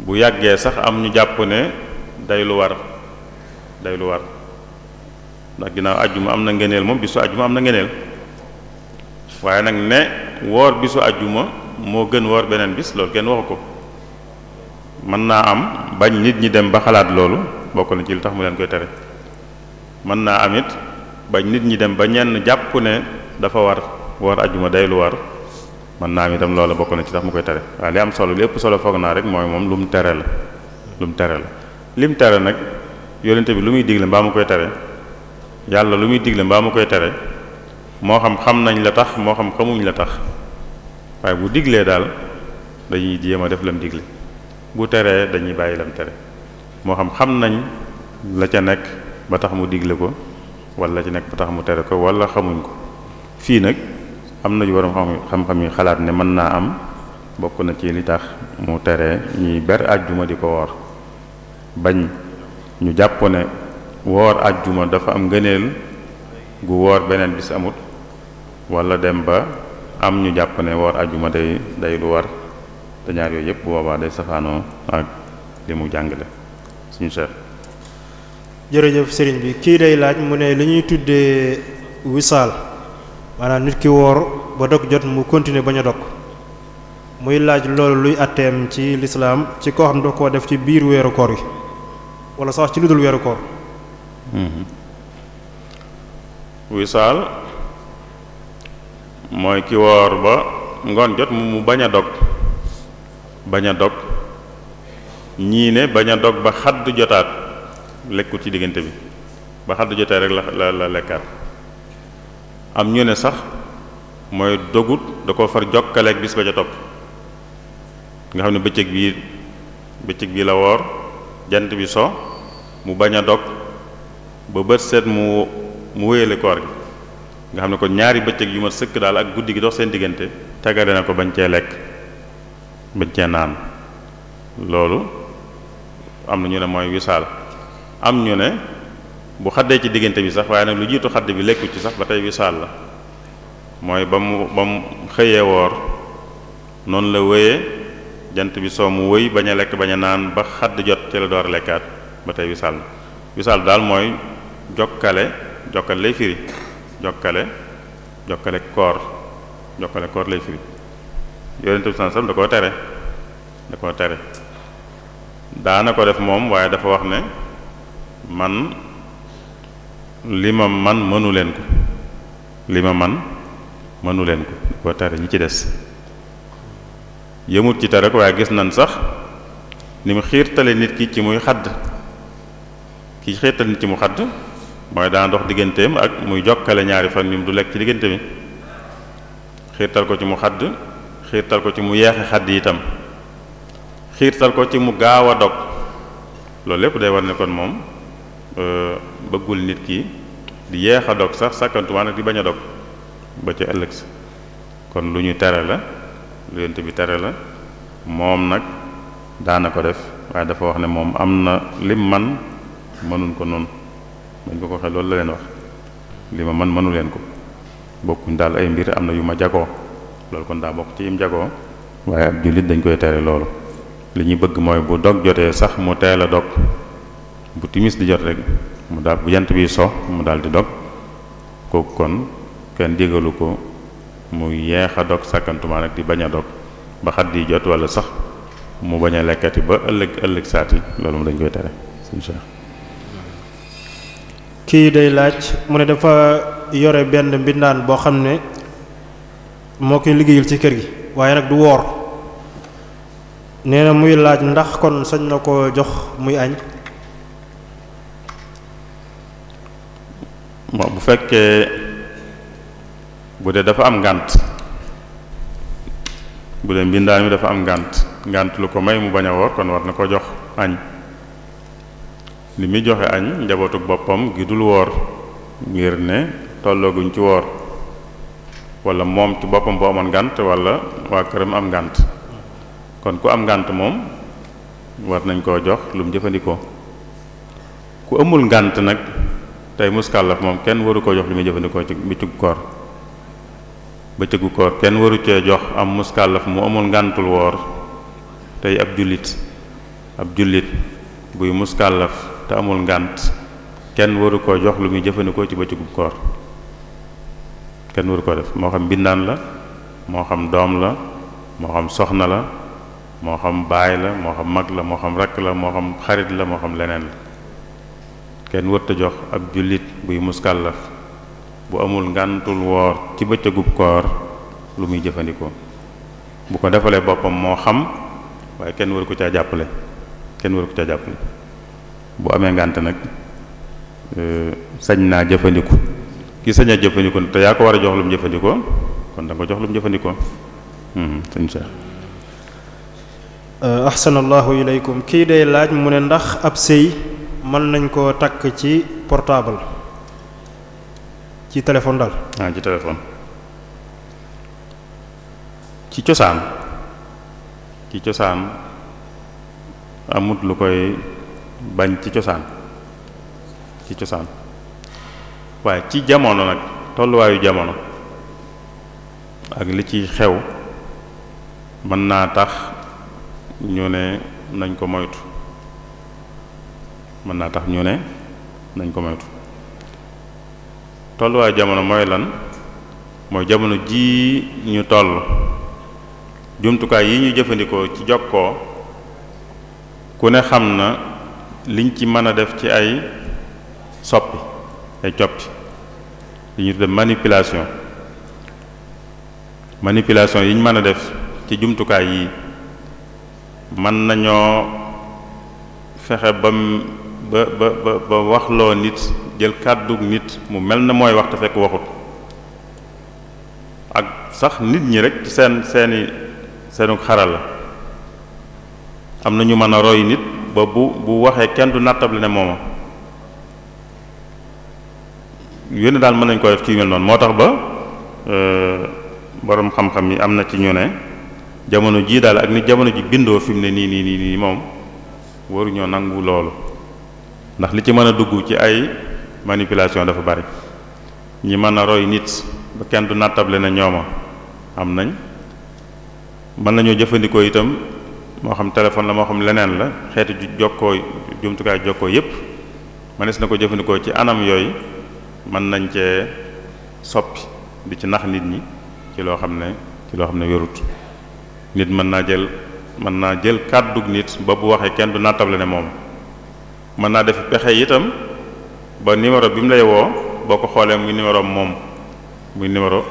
bu yàggee sax am ñu jàpp ne day lu war day lu war ndax ginnaaw ajjuma am na ngeneel moom bisu ajjuma am na ngeneel nag ne woor bisu ajjuma moo gën woor beneen bis loolu kenn waxu ko mën naa am bañ nit ñi dem ba xalaat loolu bokk na tax mu leen koy tere mën naa am it bañ nit ñi dem ba ñenn jàpp ne dafa war woor ajjuma day lu war mën naa am itam loola bokk na ci tax mu koy tere waaye li am solo lépp solo foog naa rek mooy moom lu mu tere la lu mu tere la lim tere nag yonente bi lu muy digle mbaa mu koy tere yàlla lu muy digle mbaa mu koy tere moo xam xam nañ la tax moo xam xamuñ la tax waaye bu diglee daal dañuy jéem a def lam digle bu teree dañuy bàyyi lam tere moo xam xam nañ la ca nekk ba tax mu digle ko wala la ca nekk ba tax mu tere ko wala xamuñ ko fii nag am na ju waram xam-xam yu xalaat ne mën naa am bokk na ci li tax mu tere ñuy ber àjjuma di ko woor bañ ñu jàppoo ne woor ajjuma dafa am ngëneel gu woor beneen bis amut walla dem ba am ñu jàpp ne woor ajjuma day day lu war te ñaar yooyu yëpp boobaa day safaanoo ak li mu jàngale suñu seet jërëjëf sëriñ bi kii day laaj mu ne li ñuy tuddee wisaal maanaam nit ki woor ba dog jot mu continuer bañ a dog muy laaj loolu luy atteem ci lislaam ci koo xam ne da koo def ci biir weeru koor yi wala sax ci lu dul weeru koor Mm-hmm. wisaal mooy ki woor ba ngoon jot mu bañ a dog bañ a dog ñii ne bañ a dog ba xaddu jotaat lekku ci diggante bi ba xaddu jotaat rek la la lekkaat am ñu ne sax mooy dogut da ko far jokkaleeg bis ba ca topp nga xam ne bëccëg bii bëccëg bii la woor jant bi so mu bañ a dog ba bët seet mu mu wéyale koor gi nga xam ne ko ñaari bëccëg yu ma sëkk daal ak guddi gi dox seen diggante tagale na ko bañ cee lekk bañ cee naan loolu am na ñu ne mooy wisaal am ñu ne bu xaddee ci diggante bi sax waaye nag lu jiitu xadd bi lekku ci sax ba tey wisaal la mooy ba mu ba mu xëyee woor noonu la wéyee jant bi soow mu wëy bañ a lekk bañ naan ba xadd jot ci la door lekkaat ba tey wisaal la wisaal daal mooy jokkale jokkale lay firi jokkale jokkale koor jokkale koor lay firi yooyu bi sallallahu alayhi wasallam da koo tere da koo tere daana ko def moom waaye dafa wax ne man li ma man mënu leen ko li ma man mënu leen ko da koo tere ñi ci des yëmut ci tere ko waaye gis nan sax ni mu xiirtale nit ki ci muy xadd ki xiirtale nit ci mu xadd mooy daan dox digganteem ak muy jokkale ñaari fan yim du lekk ci diggante bi xiirtal ko ci mu xadd xiirtal ko ci mu yeexe xadd itam xiirtal ko ci mu gaaw a dog loolu lépp day war ne kon moom euh, bëggul nit ki di yeex a dog sax sàkkantumaa nag di bañ a dog ba ca ëllëg si kon lu ñu tere la lu yent bi tere la moom nag daanako def waaye dafa wax ne moom am na lim man mënuñ ko noonu bañ ko ko waxee loolu la leen wax li ma man mënu leen ko bokkuñ daal ay mbir am na yu ma jagoo loolu kon daa bokk ci yim jagoo waaye ab jullit dañ koy tere loolu li ñuy bëgg mooy bu dog jotee sax mu teel a dog bu timis di jot rek mu daal bu jant bi so mu daal di dog kooku kon kenn digalu ko mu yeex a dog sàkkantumaa nag di bañ a dog ba xat di jot wala sax mu bañ a lekkati ba ëllëg ëllëg saati loolu mu dañ koy tere kii day laaj mu ne dafa yore benn mbindaan boo xam ne moo koy liggéeyal ci kër gi waaye nag du woor nee na muy laaj ndax kon sañ na ko jox muy añ moom bu fekkee bu dee dafa am ngànt bu dee mbindaan mi dafa am ngànt ngànt lu ko may mu bañ a woor kon war na koo jox añ limi muy joxe añ njabootu bopam gi dul wor ngir ne tologuñ ci wor wala mom ci bopam bo amon gant wala wa kërëm am gant kon ku am gant mom war nañ ko jox lum jëfëndiko ku amul gant nak tay muskalaf mom kenn waru ko jox limi jëfëndiko ci bëccëgu koor bëccëgu koor kenn waru ci jox am muskalaf mu amul gantul wor tay ab abdulit ab jullit buy muskalaf ta amul ngant kenn waru ko jox lu muy jëfandikoo ci bëccëgub koor kenn waru ko def mo xam bindan la mo xam dom la mo xam soxna la mo xam bay la mo xam mag la mo xam rak la mo xam xarit la mo xam leneen kenn wërta jox ab julit buy muskalaf bu amul ngantul wor ci bëccëgub koor lu muy jëfandikoo bu ko defale bopam mo xam waye kenn waru ko kenn waru ko bu amee ngànt nag euh, sañ naa jëfandiku ki sañ a jëfandiku te ya ko wara jox lu mu kon da nga jox lu mu jëfandikoo hmm, sëñ Cheikh euh, ahsanallahu ilaykum ki day laaj mu ne ndax ab sey man nañ ko tak ci portable ci téléphone dal ah ci téléphone ci cosaan ci cosaan amut lu koy bañ ci cosaan ci cosaan waaye ci jamono nag tolluwaayu jamono ak li ciy xew mën naa tax ñu ne nañ ko moytu mën naa tax ñu ne nañ ko moytu tolluwaayu jamono mooy lan mooy jamono jii ñu toll jumtukaay yi ñu jëfandikoo ci jokkoo ku ne xam na liñ ci mën a def ci ay soppi ay coppi li ñu tudde manipulation manipulation yi ñu mën a def ci jumtukaay yi mën nañoo fexe ba ba ba ba waxloo nit jël kàddu nit mu mel na mooy wax fekk waxut ak sax nit ñi rek seen seeni seenu xarala am na ñu mën a roy nit ba bu bu waxee kenn du nattable ne mooma yónni daal mën nañ koy def ci mel noonu moo tax ba euh, borom xam-xam yi am na ci ñu ne jamono jii daal ak ni jamono ji bindoo fi mu ne nii nii nii nii moom waruñoo nangu loolu ndax li ci mën a dugg ci ay manipulation dafa bari ñi mën a roy nit ba kenn du nattable ne ñooma am nañ mën nañoo jëfandikoo itam. moo xam téléphone la moo xam leneen la xeeti jokkoo jumtukaay jokkoo yépp mënees na ko jëfandikoo ci anam yooyu mën nañ cee soppi di ci nax nit ñi ci loo xam ne ci loo xam ne wérut nit mën naa jël mën naa jël kàddug nit ba bu waxee kenn du nattable ne moom mën naa def pexe itam ba numéro bi mu lay woo boo ko xoolee muy numéro moom muy numéro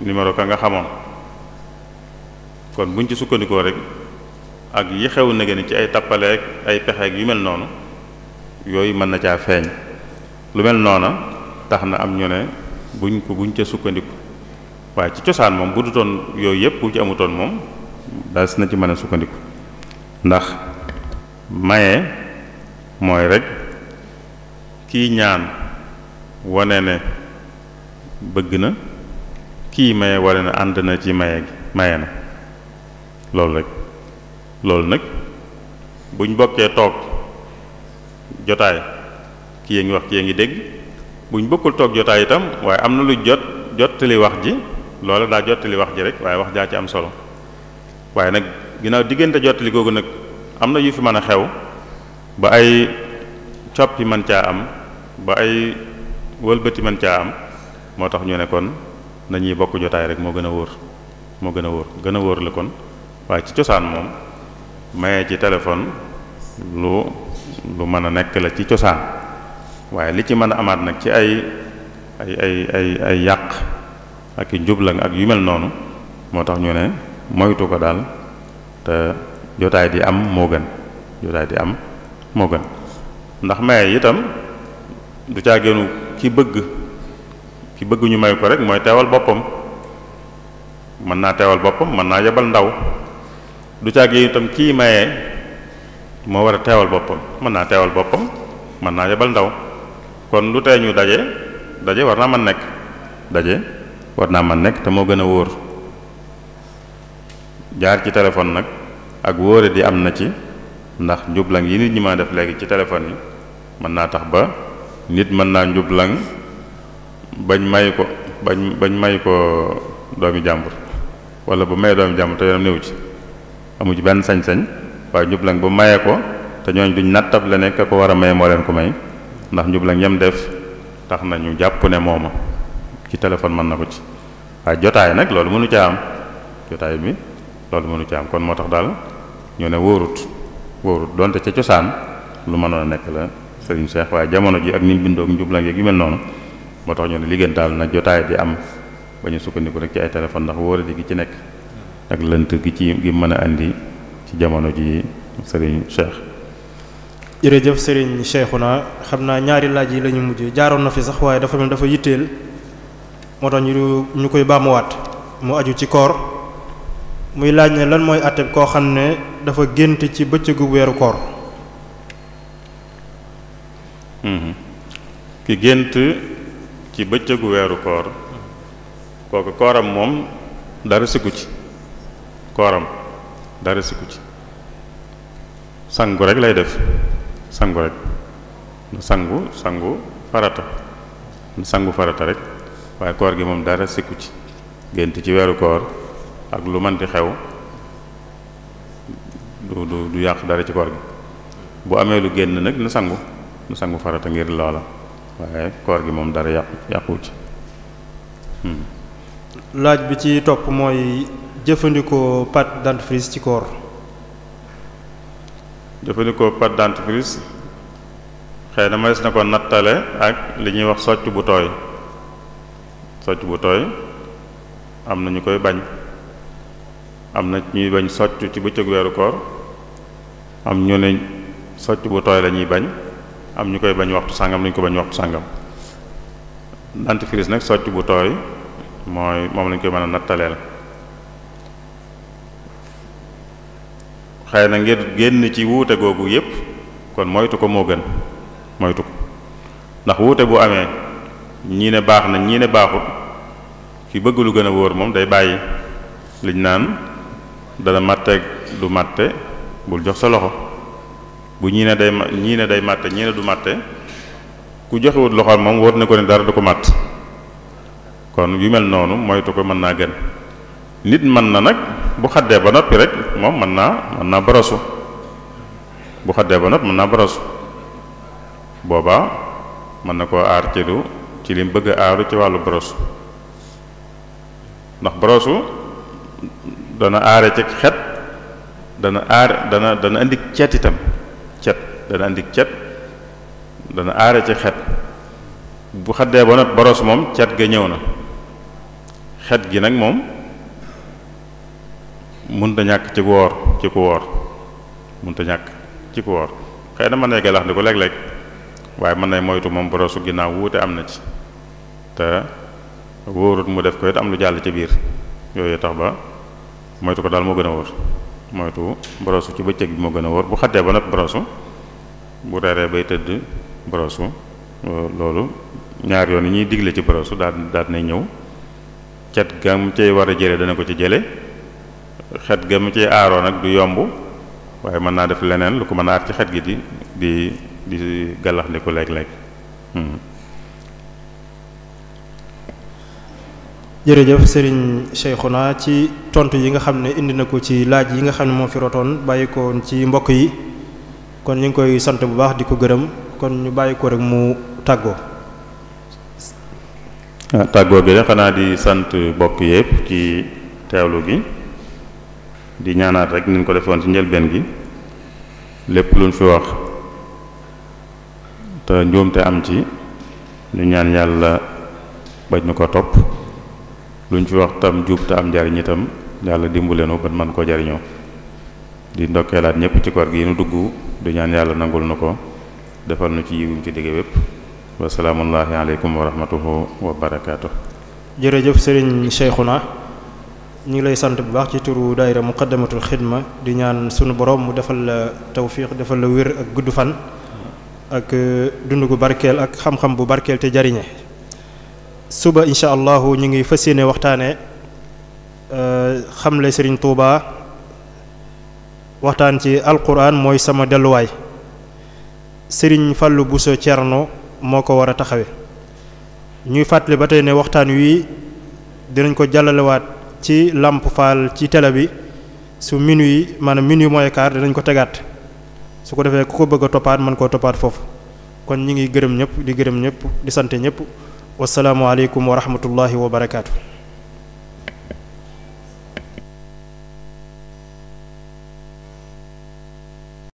numéro ka nga xamoon kon buñ ci sukkandikoo rek ak yéexewu xew ci ay tappaleek ay pexeek yu mel noonu yooyu mën na caa feeñ lu mel noona tax na am ñu ne buñ ko buñ ca sukkandiku waaye ci cosaan moom bu dutoon yooyu yëpp bu ci amutoon moom daas na ci mën a sukkandiku ndax maye mooy rek kii ñaan wane ne bëgg na kii maye wane ne ànd na ci maye gi maye na loolu rek loolu nag buñ bokkee toog jotaay kii ya ngi wax kii ya ngi dégg buñ bokkul toog jotaay itam waaye am na lu jot jottali wax ji loola daa jottali wax ji rek waaye wax jaa ci am solo waaye nag ginnaaw diggante jottali googu nag am na yu fi mën a xew ba ay coppi mën caa am ba ay wëlbati mën caa am moo tax ñu ne kon nañuy bokk jotaay rek moo gën a wóor moo gën a wóor gën a wóor la kon waaye ci cosaan moom maye ci téléphone lu lu mën a nekk la ci cosaan waaye li ci mën a amaat nag ci ay ay ay ay yàq ak i njublang ak yu mel noonu moo tax ñu ne moytu ko daal te jotaay di am moo gën jotaay di am moo gën ndax maye itam du caa génnu ki bëgg ki bëgguñu ñu ko rek mooy teewal boppam mën naa teewal boppam mën naa yebal ndaw Ya du caagi itam ki maye mo war tewal bopam mana na tewal mana man na naa yebal ndaw kon lu tay ñu daje daje war naa mën nekk daje war naa mën nekk te mo gëna woor jaar ci téléphone nak ak di am na ci ndax njublang yi nit ñi ma def légui ci téléphone yi man na tax ba nit man na njublang bañ may ko bañ bañ may ko doomi jambur wala bu may doomi jambur te yoonam neew ci amu ci benn sañ-sañ waaye njublang bu mayee ko te ñooñ duñ nattab la ne ka ko war a maye moo leen ko may ndax njublang yam def tax na ñu jàpp ne mooma ci téléphone mën na ko ci waaye jotaay nag loolu mënu caa am jotaay bi loolu mënu caa am moo tax daal ñu ne wóorut wóorut ca cosaan lu mënoon a nekk la Serigne Cheikh waaye jamono ji ak ni mu bindoo ak njublang yeeg yu mel noonu moo tax ñu ne liggéen daal na jotaay bi am ba ñu sukkandiku rek ci ay téléphone ndax wóoradi gi ci nekk ak leunt gi ci gi meuna andi ci jamono ji serigne cheikh jeuf serigne cheikhuna xamna ñaari laaj yi lañu mujjé jaaroon na fi sax way dafa mel dafa yittel moo ñu ñukoy bamu wat mu aju ci koor muy laaj ne lan moy atep ko xamne dafa gënt ci bëccëgu weeru koor mhm. ki gënt ci bëccëgu weeru koor koko koram mom dara siku ci kooram dara siku ci sangu rek lay def sangu rek sangu sangu farata sangu farata rek waaye koor gi moom dara sikku ci gént ci weeru koor ak lu mën xew du du du yàq dara ci koor gi bu amee lu génn nag nu sangu nu sangu farata ngir loola waaye koor gi moom dara yàqu yàquwu ci hmm. laaj bi ci topp mooy jëfandikoo pâte dentifrice ci koor jëfandikoo pâte dentifrice xëy na manes na ko nattale ak li ñuy wax socc bu tooy socc bu tooy am na ñu koy bañ am na ñuy bañ socc ci bëccëg weeru koor am ñu ne socc bu tooy lañuy bañ am ñu koy bañ waxtu sàngam lañ ko bañ waxtu sàngam dentifrice nag socc bu tooy mooy moom lañ koy mën a nattaleel xëy na ngir génn ci wuute googu yépp kon moytu ko moo gën moytu ko ndax wuute bu amee ñii ne baax na ñii ne baaxut ki bëgg lu gën a wóor moom day bàyyi liñ naan dana màtteeg du màtte bul jox sa loxo bu ñii ne day ñii ne day màtte ñii ne du màtte ku joxewut loxoon moom wóor na ko ne dara du ko màtt kon yu mel noonu moytu ko mën naa gën nit man na nak bu xadde ba nopi rek mom man na man na brosu bu xadde ba nopi man na brosu boba man nako ar ci lu ci lim bëgg aru ci walu brosu ndax brosu dana aare ci xet dana ar dana dana andi ciat itam ciat dana andi ciat dana aare ci xet bu xadde ba nopi brosu mom ciat ga ñew na xet gi nak mom mun a ñàkk ci ku woor ci ku woor mënut a ñàkk ci ku woor xëy na mën nay lax di ko léeg-léeg waaye mën nay moytu moom borosu ginnaaw wuute am na ci te wóorut mu def ko am lu jàll ci biir yooyu tax ba moytu ko daal moo gën a wóor moytu borosu ci bëccëg bi moo gën a wóor bu xattee ba nag borosu bu reeree bay tëdd borosu loolu ñaar yoon yi ñuy digle ci borosu daal daal nay ñëw cet gam cay war a jële dana ko ci jële xet ga mu ci aaroo nag du yomb waaye mën naa def leneen lu ko mën a aar ci xet gi di di di gàllax ndiku hmm. jërëjëf sëriñ jërëjëf naa ci tontu yi nga xam ne indi na ko ci laaj yi nga xam ne moo fi rotoon bàyyi ci mbokk yi kon ñu ngi koy sant bu baax di ko gërëm kon ñu bàyyi ko rek mu tàggoo. Ah, tàggoo gi xanaa di sant mbokk yépp ci teewlu gi. di ñaanaat rek niñ ko defoon ci njëlbeen gi lépp luñ fi wax te njuumte am ci ñu ñaan yàlla bañ ñu ko topp luñ fi wax tam juub te am njariñ itam yàlla dimbale nu ba man koo jariñoo di ndokkeelaat ñëpp ci koor gi nu dugg du ñaan yàlla nangul nu ko defal nu ci yiwuñ ci digg wépp wasalaamullahi aleykum wa rahmatuhu wa barakaatu jërëjëf sëriñ Cheikhuna ñu lay sant bu baax ci turu daaira muqaddamatul khidma di ñaan suñu borom mu defal la tawfiq defal la wër ak guddu fan ak euh, dundu gu barkel ak xam-xam bu barkel te jariñe suba insha allahu ñu ngi waxtane euh xam lay serigne touba waxtan ci alquran moy sama way serigne fallu buso cierno moko wara taxawé ñuy batay ne wi dinañ ko jàllalewaat ci làmp Fall ci télé bi su minu minuit maanaam minuit mooy quart danañ ko tegaat su ko defee ku ko bëgg a toppaat mën koo toppaat foofu kon ñi ngi gërëm ñëpp di gërëm ñëpp di sant ñëpp wasalaamualeykum wa rahmatullahi wa barakaatu.